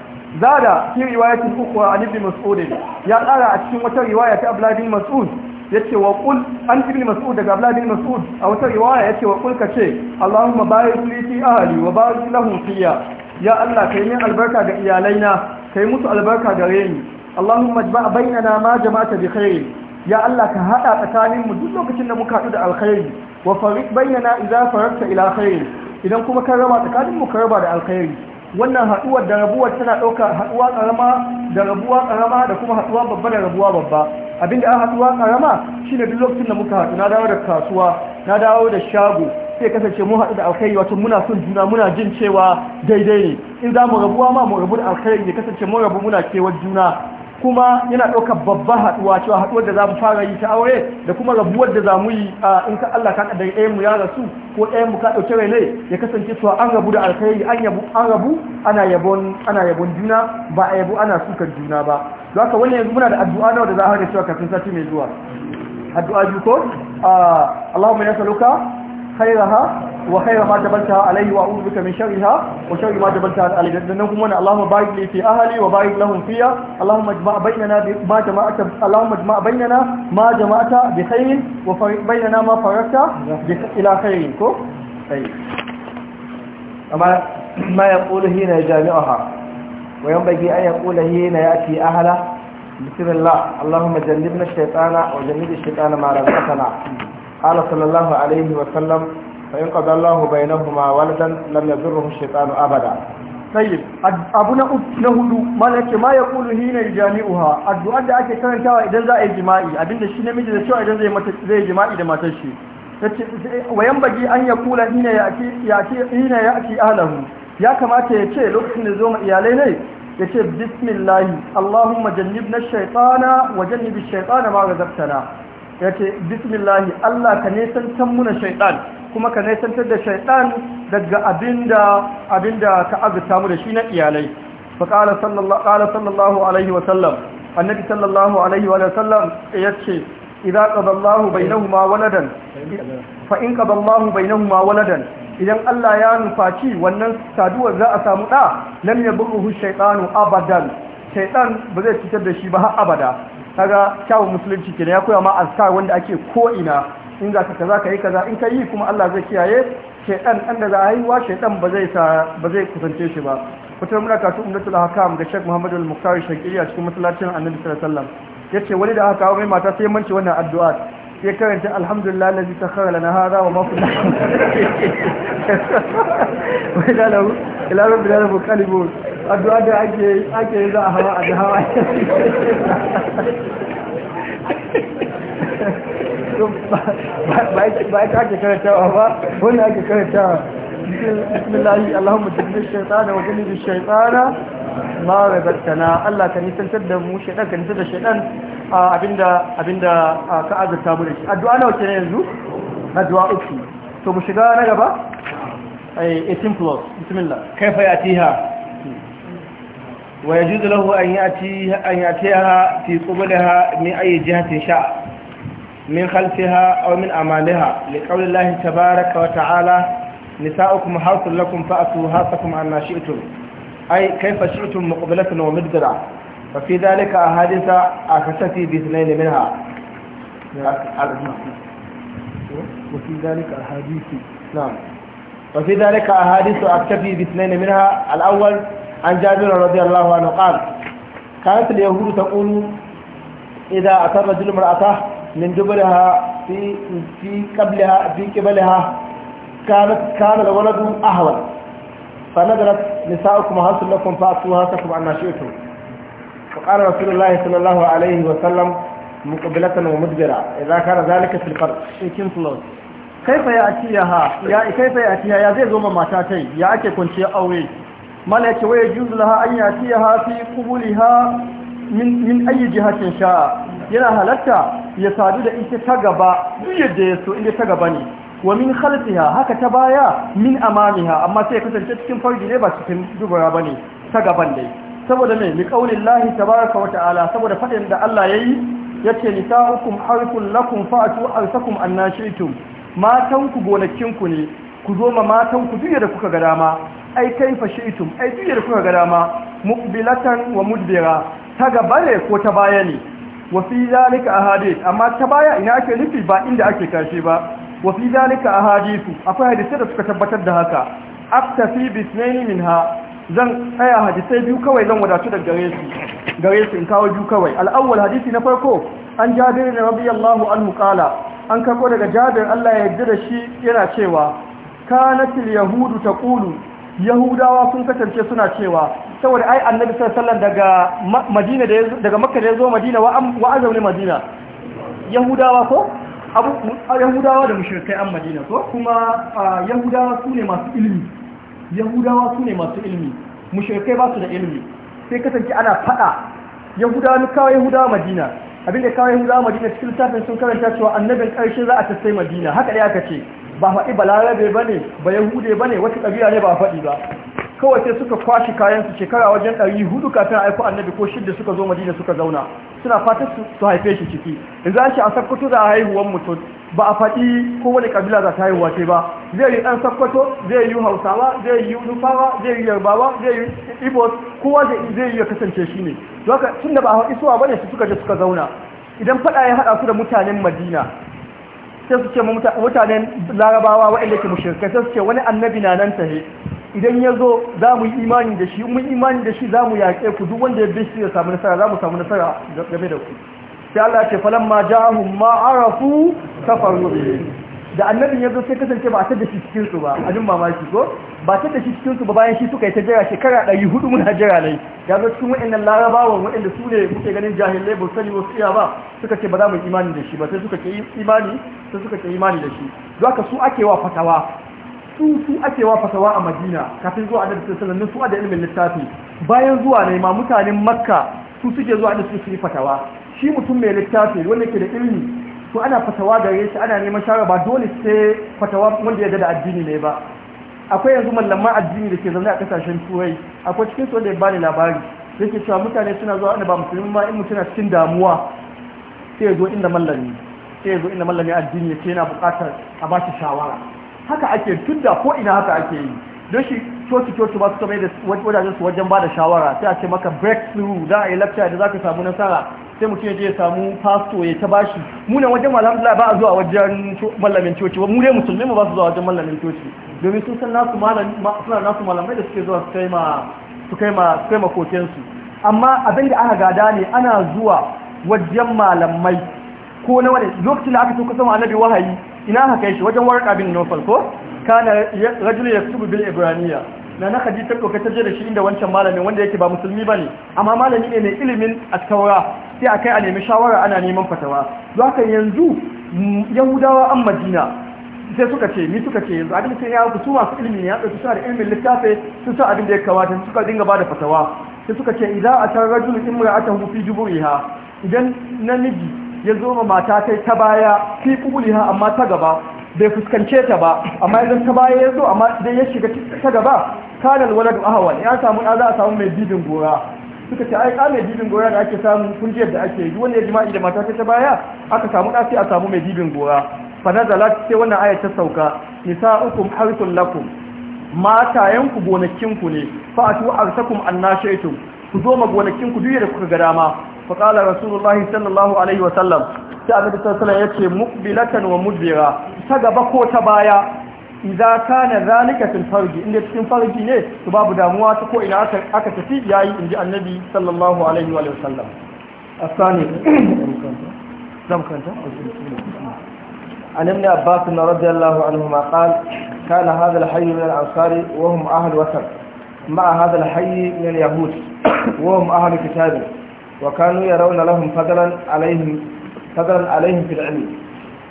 zada fi riwayatin ukhra a ibn mas'ud ya tsara a cikin wata riwaya ta abdullah bin mas'ud yace wa qul an ibn mas'ud daga abdullah bin mas'ud a wata riwaya yace wa qul kace allahumma barik li fi ahli wa barik lahum fiya ya allah kai min albarka ga iyalaina kai musu albarka gare ni allahumma jma' bayyana ma jama'ta bi ya Allah ka hada tsakanin mu duk lokacin da muka haɗu da alkhairi wa farik bayyana idza fararta ila khair idan kuma ka raba tsakanin mu ka raba da alkhairi wannan haduwar da rabuwar tana dauka haduwa karama da rabuwa karama da kuma haduwa babba da rabuwa babba abinda an haduwa karama shine duk lokacin da muka haɗu na dawo da kasuwa na dawo da shago sai kasance mu haɗu da alkhairi wato muna son juna muna jin cewa daidai ne in za mu rabuwa ma mu rabu da alkhairi ne kasance mun rabu muna kewar juna kuma yana ɗaukar babban haɗuwa cewa haɗuwar da za mu fara yi ta aure da kuma rabuwar da za mu yi in ka Allah ka kaddara ɗayan mu ya rasu ko ɗayan mu ka ɗauke rai ne ya kasance cewa an rabu da alkhairi an yabu an rabu ana yabon ana juna ba a yabo ana sukar juna ba don haka wannan yanzu muna da addu'a nawa da za a cewa kafin sati mai zuwa addu'a biyu ko Allahumma saluka khairaha wa khaira ma jabaltaha alayhi wa a'udhu bika min sharriha wa sharri ma jabaltaha alayhi dan kuma wannan Allahumma barik li fi ahli wa barik lahum fiya Allahumma ijma' bainana bi ma jama'ata Allahumma ijma' bainana ma jama'ata bi khairin wa fariq bainana ma farakta ila khairin ko sai amma ma yaqulu hina jami'aha wa yanbaghi an yaqula hina yati ahla bismillah Allahumma jannibna ash-shaytana wa jannib ash-shaytana قال صلى الله عليه وسلم فإن قضى الله بينهما ولدا لم يضره الشيطان أبدا طيب abu na uku na hudu malaka ma ya kulu hina jami'uha addu'a da ake karantawa idan za a yi jima'i abinda shi namiji da cewa idan zai mata jima'i da matar an ya kula ya kamata ya ce lokacin da zoma iyalai ne ya ce bismillah allahumma jannibna ash-shaytana wa jannibish shaytana ya ce bismillahi Allah ka nesantar muna shaiɗan. kuma ka nesantar da shaiɗan daga abin da ka azurta mu da shi na iyalai fa qala sallallahu alaihi wa sallam annabi sallallahu alaihi wa sallam yace idza qada Allahu bainahuma waladan waladan idan Allah ya nufaci wannan saduwar za a samu da lam yabuhu shaytanu abadan Shaiɗan ba zai fitar da shi ba har abada kaga kyawun musulunci kenan ya koya ma azkar wanda ake ko ina in za ka kaza ka yi kaza in ka yi kuma Allah zai kiyaye shaidan ɗan da za a haihuwa wa ba zai ba zai kusance shi ba fitar muna kasu umdatul hakam ga Sheikh Muhammad al-Muqtari Shaqiri a cikin masallacin Annabi sallallahu alaihi wasallam yace wani da haka kawo mata sai manci wannan addu'a ya karanta alhamdulillah lazi sakhara lana hada wa ma kunna [laughs] wai da lahu ila rabbi da rabbi qalibun addu'a da ake ake za a hawa a da hawa [laughs] ba ba ake karantawa ba wannan ake karantawa بسم الله اللهم جنب الشيطان وجنب الشيطان ما الله كان da mu shedan kan da shedan wa yajuzu lahu an yati an min ayi jihatin sha'a min khalfiha aw نساؤكم حرث لكم فأتوا هاتكم عما شئتم أي كيف شئتم مقبلة ومدبرة ففي ذلك أحاديث أخستي باثنين منها وفي ذلك أحاديث نعم وفي ذلك أحاديث أكتفي باثنين منها الأول عن جابر رضي الله عنه قال كانت اليهود تقول إذا أتى الرجل امرأته من دبرها في في قبلها في قبلها كان الولد أهون فنزلت نساؤكم هرس لكم فأتوا هرسكم عما شئتم فقال رسول الله صلى الله عليه وسلم مقبلة ومدبرة إذا كان ذلك في القرض كيف يأتيها يا كيف يأتيها يا زي زوما ماتاتي يا أكي كنت أوي ما لا يجوز لها أن يأتيها في قبولها من من أي جهة شاء yana halatta ya sadu da ita ta gaba duk yadda ya so inda ta gaba ne wa min khalfiha haka ta baya min amamiha amma sai kasance cikin farji ne ba cikin dubura bane ta gaban dai saboda me li qaulillahi tabaraka wa ta'ala saboda fadin da Allah yayi yace nisa'ukum harkun lakum fa'tu arsakum annashitum matan ku gonakin ku ne ku zo ma matan ku da kuka ga dama ai kaifa shaitum ai duk da kuka ga dama muqbilatan wa mudbira ta gabare ko ta baya ne wa fi zalika ahadith amma ta baya ina ake nufi ba inda ake kashi ba wa fi a hadisu akwai hadisai da suka tabbatar da haka Akta fi bisnaini minha zan tsaya hadisai biyu kawai zan wadatu da gare su gare su in kawo biyu kawai al'awwal hadisi na farko an jabir ne allahu anhu qala an karbo daga jabir Allah ya yarda da shi yana cewa kanatil yahudu taqulu yahudawa sun kasance suna cewa saboda ai annabi sallallahu daga madina daga makka da ya zo madina wa azami madina yahudawa ko yahudawa da mushrikai an madina ko kuma yahudawa su ne masu ilimi yahudawa su ne masu ilimi mushrikai ba su da ilimi sai kasance ana fada yahudawa ne kawai yahudawa madina abinda kawai yahudawa madina cikin littafin sun karanta cewa annabin ƙarshen za a sai madina haka dai aka ce ba faɗi balarabe ba ne ba yahude ba ne wata ƙabila ne ba faɗi ba kawai sai suka kwashi kayan su shekara wajen ɗari hudu kafin a aiko annabi ko shidda suka zo madina suka zauna suna fata su haife shi ciki in za shi a sakkwato za a haihuwan mutum ba a faɗi ko wani kabila za ta haihuwa ce ba zai yi ɗan sakkwato zai yi hausawa zai yi nufawa zai yi yarbawa zai yi ibos kowa zai yi ya kasance shi ne zaka tun da ba a faɗi suwa bane su suka je suka zauna idan faɗa ya haɗa su da mutanen madina sai su ce mutanen larabawa waɗanda ke mushirkai sai su ce wani annabi na nan tahe idan ya zo za mu yi imani da shi mun imani da shi za mu yaƙe ku duk wanda ya bi shi ya samu nasara za mu samu nasara game da ku sai Allah ce falan ma ja'ahum ma arafu kafaru bihi da annabin ya zo sai kasance ba a da shi cikin su ba abin mamaki ko ba da shi cikin su ba bayan shi suka yi ta jira shekara ɗari hudu muna jira ne ya zo cikin wa'annan larabawan wa'anda su ne muke ganin jahilai ba sani wasu iya ba suka ce ba za mu yi imani da shi ba sai suka ke imani sai suka ke imani da shi zaka su ake wa fatawa su su ake wa fatawa a madina kafin zuwa annabi sallallahu alaihi su da ilimin littafi bayan zuwa ne ma mutanen makka su suke zuwa da su su yi fatawa shi mutum mai littafi wanda ke da ilmi, su ana fatawa gare shi ana neman shara ba dole sai fatawa wanda ya da addini ne ba akwai yanzu mallaman addini da ke zaune a kasashen turai akwai cikin su wanda ya bani labari ke cewa mutane suna zuwa wanda ba musulmi ma in mutum cikin damuwa sai ya zo inda mallami sai ya zo inda mallami addini ya ce yana buƙatar a ba shi shawara haka ake tunda ko ina haka ake yi don shi coci coci ba su taɓa da wajajen su wajen ba da shawara sai a ce maka breakthrough za a yi lecture da za ka samu nasara sai mutum ya je ya samu pasto ya ta bashi munan wajen alhamdulillah ba a zuwa wajen mallamin coci mu dai musulmi mu ba su zuwa wajen mallamin coci domin sun san nasu nasu malamai da suke zuwa su kai ma su kai ma su kai ma kokensu amma abin da aka gada ne ana zuwa wajen malamai ko na wani lokacin da aka so kusa annabi wahayi ina haka yake wajen warka bin nufal ko kana rajulu yaktubu bil ibraniya na na khadija ta ta je da shi inda wancan malami wanda yake ba musulmi bane amma malami ne mai ilimin at tawra sai akai a nemi shawara ana neman fatawa don haka yanzu yahudawa an madina sai suka ce ni suka ce yanzu abin sai ya ku su masu ilimi ya dauki suna da ilimin littafi sun sa abin da ya kamata suka dinga bada fatawa sai suka ce idan a tar rajulu imra'atahu fi juburiha idan namiji ya zo ma mata ta ta baya fi kubuliha amma ta gaba bai fuskance ta ba amma idan ta baya ya zo amma dai ya shiga ta gaba kanal da ahwal ya samu da za a samu mai bibin gora suka ce ai ka mai bibin gora da ake samu kun ji da ake yi wanda ya jima'i da mata ta ta baya aka samu da sai a samu mai bibin gora fa nazala sai wannan ayat ta sauka nisa'ukum harithul lakum matayenku gonakinku ne fa atu arsakum annashaitum ku zo ma ku duk da kuka ga dama faƙala rasulullahi sallallahu alaihi wasallam ta abin da sassana ya ce mukbilatan wa mudbira ta gaba ko ta baya idza kana zalika fil farji inda cikin ne to babu damuwa ta ko ina aka tafi yayi inji annabi sallallahu alaihi wa sallam عن ابن عباس رضي الله عنهما قال كان هذا الحي من الأنصار وهم أهل وثن مع هذا الحي من اليهود وهم أهل كتابه وكانوا يرون لهم فضلا عليهم فضلا عليهم في العلم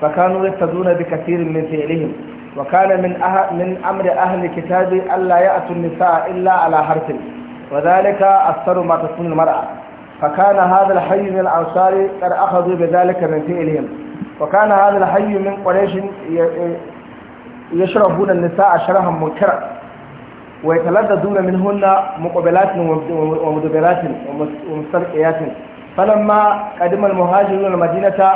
فكانوا يقتدون بكثير من فعلهم وكان من أه من امر اهل الكتاب الا ياتوا النساء الا على حرف وذلك اكثر ما تكون المراه فكان هذا الحي من الانصار قد اخذوا بذلك من فعلهم وكان هذا الحي من قريش يشربون النساء شرها منكرا wa yataladdaduna minhunna muqabalatin wa mudabiratin wa mustarqiyatin falamma qadima al-muhajiruna al-madinata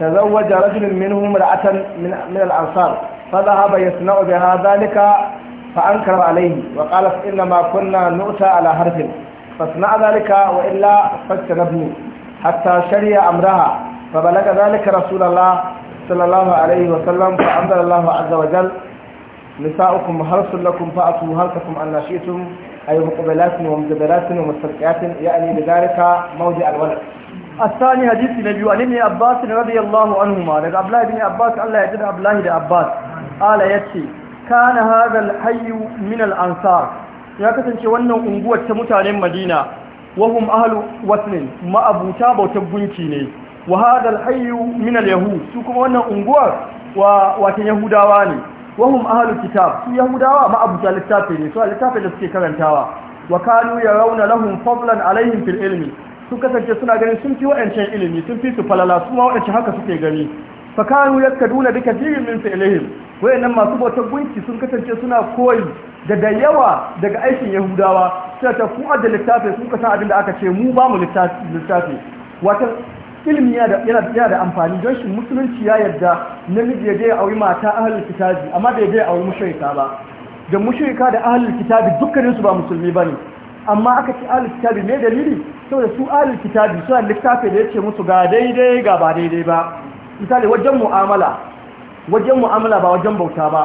تزوج رجل منهم امرأة من, من الأنصار فذهب يصنع بها ذلك فأنكر عليه وقال إنما كنا نؤتى على حرف فاصنع ذلك وإلا فاجتنبني حتى شري أمرها فبلغ ذلك رسول الله صلى الله عليه وسلم فأنزل الله عز وجل نساؤكم حرص لكم فأتوا هلككم أن شئتم أي مقبلات ومجبلات ومسترقعات يعني بذلك موضع الولد الثاني حديث النبي عن ابن عباس رضي الله عنهما لك أبلا ابن عباس الله يجد أبلاه لعباس قال يتي كان هذا الحي من الأنصار يكتن kasance wannan unguwar عن المدينة وهم أهل ahlu ما أبو تاب gunki ne wa hadal hayyu min al-yahud su kuma wannan wahum ahlul kitab su yahudawa ma abuta littafi ne su littafi da suke karantawa wa kanu rauna lahum fadlan alaihim fil ilmi su kasance suna ganin sun fi wa'ancan ilimi sun fi su falala su ma wa'ancan haka suke gani fa kanu yakaduna bi kathirin min fi'lihim wayannan masu bautar gunki sun kasance suna koyi da da yawa daga aikin yahudawa sai ta ku da littafi sun kasa abin da aka ce mu ba mu littafi wato ilimi yana da amfani don shi musulunci ya yarda namiji ya je ya auri mata ahalin kitabi amma bai je ya auri mushrika ba da mushrika da ahalin kitabi dukkaninsu ba musulmi ba ne amma aka ci ahalin kitabi ne dalili saboda su ahalin kitabi su suna littafi da ya ce musu ga daidai ga ba daidai ba misali wajen mu'amala wajen mu'amala ba wajen bauta ba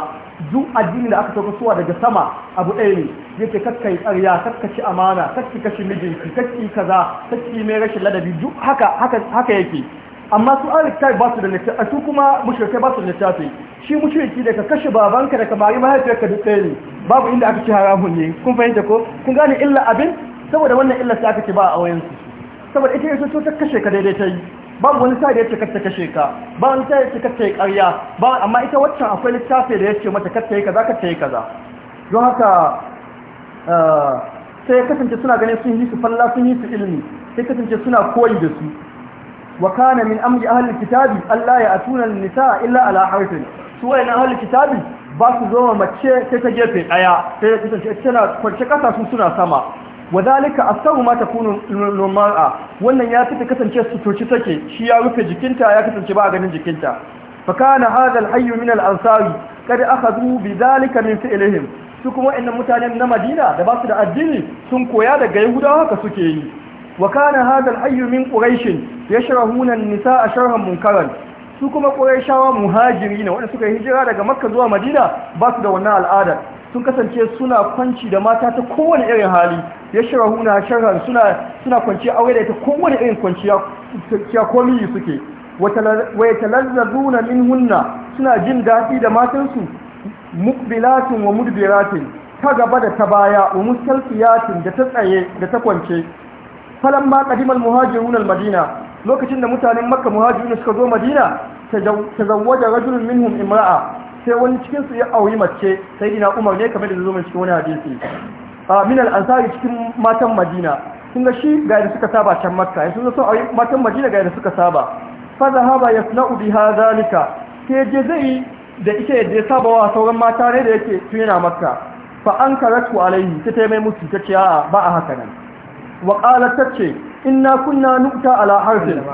duk addini da aka sauka suwa daga sama abu ɗaya ne yake kakka yi tsarya kakka ci amana kakki kashi mijinki kakki kaza kakki mai rashin ladabi duk haka haka yake amma su an rikai ba su da littafi su kuma mushrikai ba su da littafi shi mushriki da ka kashe babanka da ka mari mahaifiyarka duk ɗaya ne babu inda aka ci haramun ne kun fahimta ko kun gane illa abin saboda wannan illa sai aka ci ba a wayansu saboda ita yaso ta kashe ka daidai ta yi babu wani sa da ya ce katta kashe ka ba wani sa da ya ce katta yi karya ba amma ita waccan akwai littafi da ya ce mata katta yi kaza ta yi kaza don haka eh, sai kasance suna ganin sun yi su falla sun yi su ilimi sai kasance suna koyi da su wa kana min amri ahli kitabi Allah ya atuna nisa illa ala harfin su wayan ahli kitabi ba su zo mace sai ta gefe daya sai ta kasance tana kwance kasa sun suna sama wadalika asahu ma takunu lumara wannan ya fita kasance suturci take shi ya rufe jikinta ya kasance ba ganin jikinta fa kana hadha alhayy min al-ansari kad akhadhu bidhalika min fi'lihim su kuma wa'annan mutanen na Madina da ba su da addini sun koya daga Yahudawa haka suke yi wa kana hadha alhayy min quraish yashrahuna Nisa nisaa sharhan munkaran su kuma quraishawa muhajiri ne wanda suka hijira daga Makka zuwa Madina ba su da wannan al'adar sun kasance suna kwanci da mata ta kowane irin hali ya shirahuna sharhan suna suna kwanci aure da ita kowane irin kwanciya kwanciya komi suke wa min hunna suna jin daɗi da matansu mukbilatin wa mudbiratin ta gaba da ta baya wa mustalfiyatin da ta tsaye da ta kwance falan ma ƙadimar muhajirun al madina lokacin da mutanen makka muhajirun suka zo madina ta tazawwaja rajulun minhum imra'a sai wani cikin su ya auri mace sai dina umar ne kamar da zuwa cikin wani hadisi a min al-ansari cikin matan madina sun ga shi ga da suka saba can makka yanzu sun so matan madina ga da suka saba fa zahaba yasna'u biha zalika sai je zai da ita yadda ya saba wa sauran mata ne da yake tun yana makka fa an karatu alaihi ta mai musu ta ce ba a haka nan wa qalat tace inna kunna nu'ta ala harfin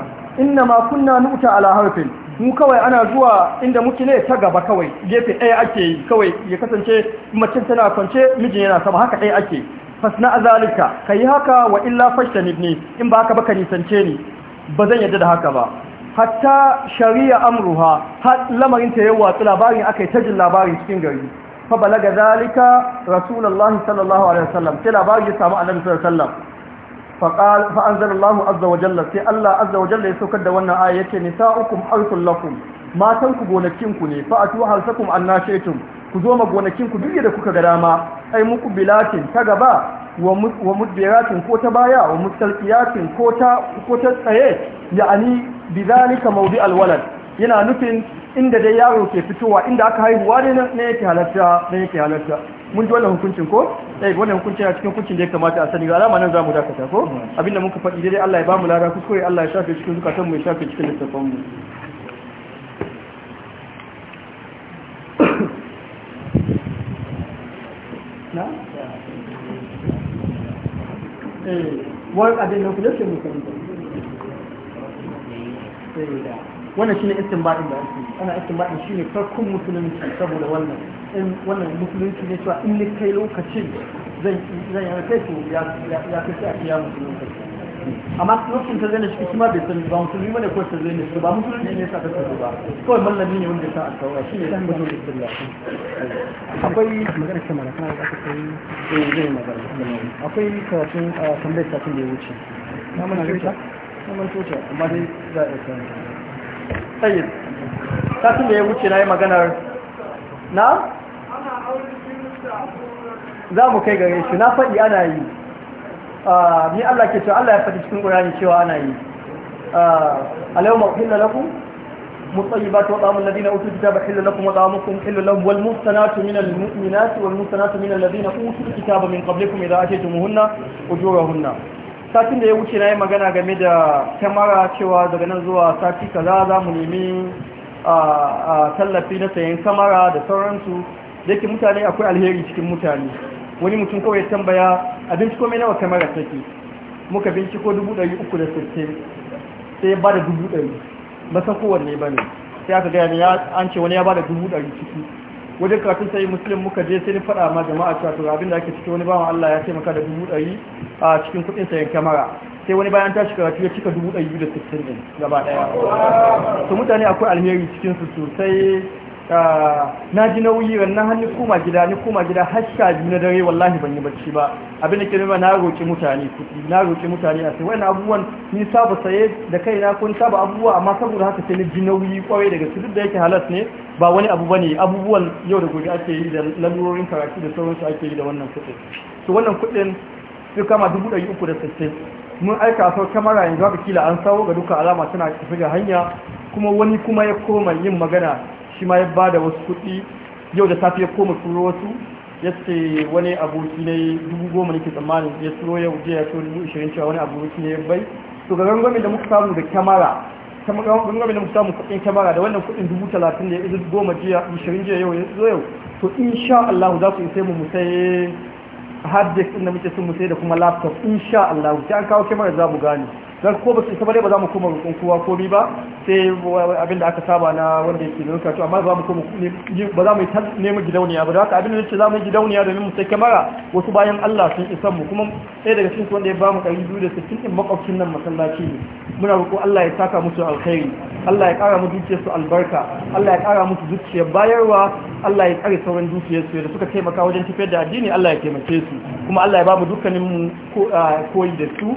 inna ma kunna nu'ta ala harfin mu kawai ana zuwa inda muke ne ta gaba kawai gefe ɗaya ake yi kawai ya kasance macin tana kwance mijin yana sama haka ɗaya ake fasna azalika ka yi haka wa illa fashta ne in ba haka ba ka nisance ni ba zan yadda da haka ba hatta shari'a amruha har lamarin ta yawa watsu labarin aka yi ta jin labarin cikin gari fa balaga zalika rasulullahi sallallahu alaihi wasallam sai labarin ya samu annabi sallallahu alaihi wasallam Fa'anzarallahu azzawajalla sai Allah azza wa ya saukar da wannan aya yake nisa ukun harsun matanku gonakinku ne fa’atu harsakun annashetun ku zoma ma gonakinku duk da kuka gara ma ai muku bilatin ta gaba wa mutbiratin ko ta baya wa mutsalkiyatin ko ta tsaye ya'ani bizalika maudi alwalad yana nufin inda dai yaro ke fitowa inda aka haihuwa ne na yake halatta na yake halatta mun ji wannan hukuncin ko eh wannan hukuncin a cikin hukuncin da ya kamata a sani ga alama nan zamu dakata ko abinda muka faɗi dai Allah ya bamu lada kuskure Allah ya shafe cikin zukatan mu ya shafe cikin littafin mu [coughs] na eh wani abin da kuke so mu fahimta sai eh, da wannan shine istinbadin da ake ana shi ne farkon musulunci saboda wannan in wannan musulunci ne cewa in ni kai lokacin zan zan yana kai to ya ya kai a kiya musulunci amma lokacin ta zai shi kuma bai san ba musulmi bane ko ta zai shi ba musulmi ne sa ta tsaro ba kawai mallami ne wanda sa a tsawara ne dan bazo da sunna akwai magana ta kana da aka kai zai zai magana akwai karatun ah, tambayar sakin da ya wuce na mana gaita na mana tota amma dai za a tsaya tsayin sassun da ya wuce na yi maganar na? za mu kai gare shi na faɗi ana yi ah, ni Allah ke cewa Allah ya faɗi cikin ƙura ne cewa ana yi ah, alayu ma ƙin lalaku musayi ba ta waɗamun ladina utu kita ba ƙin lalaku maɗamun kun ƙin lalaku wal mustanatu min al-mu'minati wal mustanatu min al-ladina utu kita ba min qablikum idan ake tumu hunna ujura hunna satin da ya wuce na yi magana game da kyamara cewa daga nan zuwa sati kaza za mu nemi a tallafi na sayan kamara da sauransu da yake mutane akwai alheri cikin mutane wani mutum kawai ya tambaya a binciko mai nawa kamara take muka binciko 360 sai ba da 100 ba san kowanne ba ne sai aka gaya ne an ce wani ya ba da ɗari ciki wajen kafin sai musulun muka je sai ni faɗa ma jama'a cewa to abin da ake cikin wani bawan Allah ya taimaka da dubu ɗari a cikin kuɗin sayan kyamara sai wani bayan tashi karatu ya cika dubu ɗari da sittin ɗin gaba ɗaya to mutane akwai alheri cikin su sosai Ah, na ji nauyi na hannu kuma gida ni kuma gida har sha na dare wallahi ban yi barci ba abin da ke nuna na roƙi mutane kuɗi na roƙi mutane a sai wani abubuwan ni saba saye da kai na, kun saba abubuwa amma saboda haka sai ni ji nauyi kwarai daga su duk da yake halas ne ba wani abu bane abubuwan yau da gobe ake yi da lalurorin karatu da sauransu ake yi da wannan kuɗin to wannan kuɗin sai kama dubu ɗari uku da sassai, mun aika sau kamara yanzu haka kila an sawo ga duka alama tana tafi ga hanya kuma wani kuma ya koma yin magana shi ma ya ba da wasu kuɗi yau da safe ko koma turo wasu ya ce wani aboki ne dubu goma nake tsammanin ya turo yau jiya ya turo dubu ishirin cewa wani aboki ne ya bai to ga gangamin da muka samu da kyamara gangamin da muka samu kuɗin kyamara da wannan kuɗin dubu talatin da ya izu goma jiya ishirin jiya yau ya yau to insha Allah za ku isa mu sai hard disk ɗin da muke sun sai da kuma laptop insha Allah ki an kawo kyamara za mu gane dan ko ba su isa ba za mu koma roƙon kowa komai ba sai abin da aka saba na wanda yake da rukatu amma za mu koma ba za mu nemi gidauniya ba da haka abin da yake za mu yi gidauniya domin mu sai kamara wasu bayan Allah sun isa mu kuma ɗaya daga cikin wanda ya ba mu ɗari biyu da sittin ɗin makwabcin nan masallaci ne muna roƙo Allah ya saka musu alkhairi Allah ya ƙara musu zuciyarsu albarka Allah ya ƙara musu zuciyar bayarwa Allah ya ƙare sauran su da suka taimaka wajen tafiyar da addini Allah ya taimake su kuma Allah ya ba mu dukkanin mu koyi da su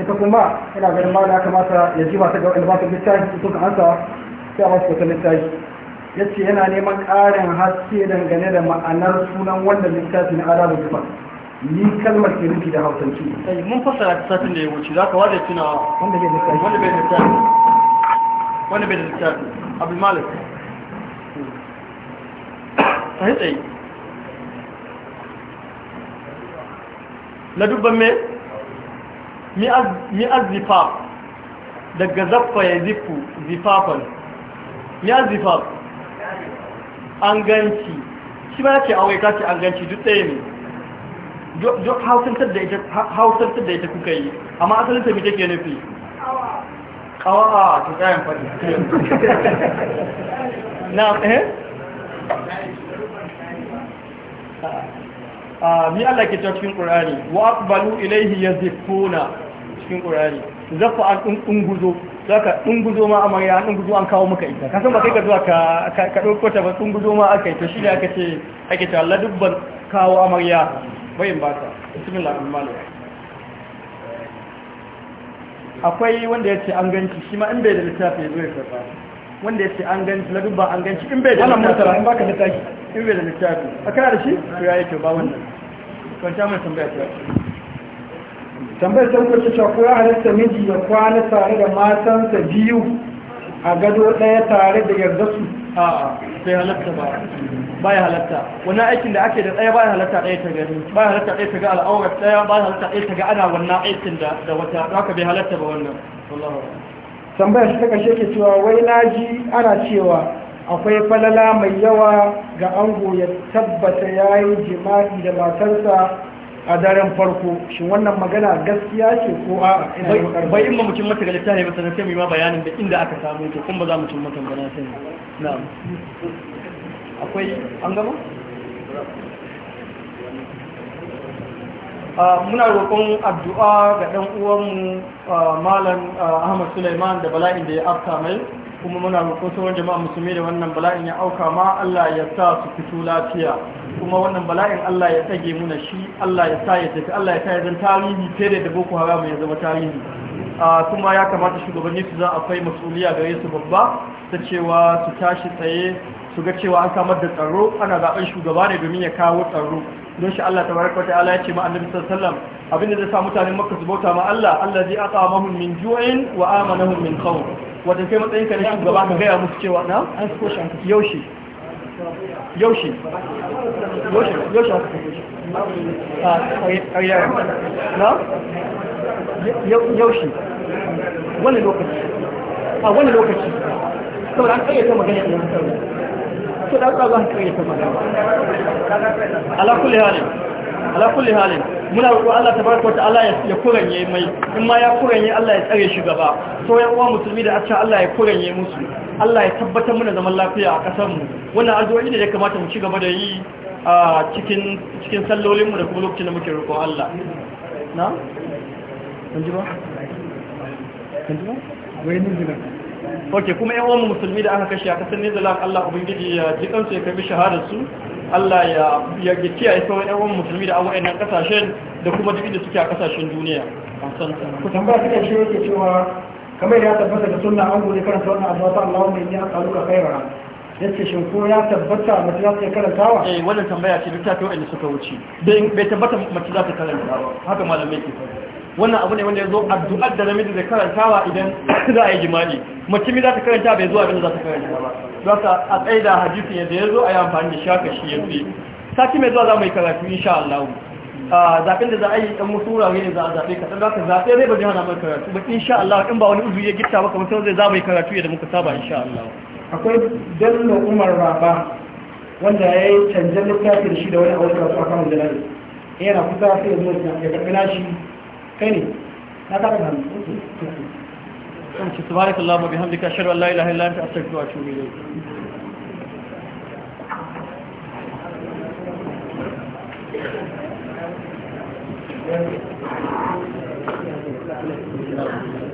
ita kuma ina ganin ma da kamata ya ji masu ga albasar littafi su suka ansa sai a wasu wata littafi ya ce yana neman ƙarin haske dangane da ma'anar sunan wannan littafi na adamu zuba ni kalmar ke nufi da hausanci mun fasa da satin da ya wuce za ka wada tuna wanda bai littafi wanda bai littafi wanda bai littafi abu malik ta na dubban mai. az zifaf daga zaffa ya zifu zifafan az zifaf an ganci shi ba ce awai ka ce an ganci duk ɗaya ne duk hausantar da ita kuka yi amma asalin mita ke nufi kawa a tukayen faɗi [laughs] na eh mi Allah ke cikin Qur'ani wa aqbalu ilayhi yazifuna cikin Qur'ani zafa an dunguzo zaka dunguzo ma amarya an dunguzo an kawo maka ita kasan ba kai ka zuwa ka ka dauko ta ba dunguzo ma aka yi to shi ne aka ce ake ta Allah dubban kawo amarya bayin ba ta bismillah ar-rahman akwai wanda yace an ganci shi ma in bai da littafi ya zo ya karba wanda yace an ganci la dubban an ganci in bai da littafi in baka littafi in bai da littafi a kana da shi to yayi to ba wannan kwanta mai tambaya ta tambayar ta kuka cewa ko ya halatta miji ya kwana tare da matansa biyu a gado ɗaya tare da yarda su a bai halatta ba ba ya halatta wani aikin da ake da ɗaya ya halatta ɗaya ta gani ya halatta ɗaya ta ga al'aurar ɗaya ya halatta ɗaya ta ga ana wannan aikin da wata ka bai halatta ba wannan tambayar ta kashe ke cewa wai na ji ana cewa akwai falala mai yawa ga ango ya tabbata ya yi jima'i da matarsa a daren farko shi wannan magana gaskiya ce ko a bai in ba mutum mata ga littafi ba sanar sai mu yi ma bayanin da inda aka samu to kuma ba za mu cin mata gana na sai na akwai an gama ah, muna roƙon addu'a ga ɗan uwanmu ah, malam ah, ahmad suleiman da bala'in da ya afka mai kuma muna roƙon sauran jama'a musulmi da wannan bala'in ya auka ma Allah ya sa su fito lafiya kuma wannan bala'in Allah ya tsage muna shi Allah ya sa ya tafi Allah ya sa ya zan tarihi fiye da Boko Haram ya zama tarihi kuma ya kamata shugabanni su za a kai masuliya ga su babba ta cewa su tashi tsaye su ga cewa an samar da tsaro ana zaɓen shugaba ne domin ya kawo tsaro don shi Allah tabaraka ta'ala ya ce ma annabi sallallahu alaihi wasallam abinda zai sa mutanen makka su bauta ma Allah Allah zai aqamahum min ju'in wa amanahum min khawf wato kai matsayin ka ne shugaba ka gaya musu cewa na an ko shan yaushe yaushe yaushe yaushe a ƙarya ah, na yaushe wani lokaci a ah, wani lokaci saboda an ƙayyata magana da yanzu ku dauka ba ku yi ta magana ala kulli halin ala Allah ya kuranye mai in ma ya kuranye Allah ya tsare shi gaba so yan uwa musulmi da aka Allah ya kuranye musu Allah ya tabbatar mana zaman lafiya a kasar mu wannan addu'o'i ne da ya kamata mu ci gaba da yi a cikin cikin sallolin mu da kuma lokacin da muke roƙo Allah na kun ji ba kun ji ba wai ne ok kuma yan uwan musulmi da aka kashe a kasar zala Allah ubangiji ya ji kansu ya kai shahadar su Allah ya ya kiyaye sauran yan uwan musulmi da abubuwan nan kasashen da kuma duk da suke a kasashen duniya ku tambaya kike shi yake cewa kamar ya tabbata da sunna an gode karanta wannan addu'a Allahumma inni as'aluka khayran yace shin ko ya tabbata mace za ta karanta wa eh wannan tambaya ce duk ta kai wanda suka wuce bai tabbata mace za ta karanta wa haka malamai ke faɗi wannan abu ne wanda ya zo addu'ar da namiji zai karantawa idan za a yi jima'i mace za ta karanta bai zuwa abin da za ta karanta ba za ka a tsaye da hadisin yadda ya zo a yi amfani da shaka shi ya fi sati mai zuwa za mu yi karatu insha Allah Zafin da za a yi ɗan musu wurare ne za a zaɓe ka za ka zaɓe zai ba zai hana mai karatu ba insha Allah in ba wani uzu ya gitta ba kamar sai zai za mu yi karatu yadda muka saba insha Allah akwai dallo umar raba wanda ya yi canjar littafin shi da wani a wasu kasuwa kan da yana kusa sai ya zo ya karɓi shi kai ne na zaɓa na hannu subhanakallah wa bihamdika ashhadu wa Thank you.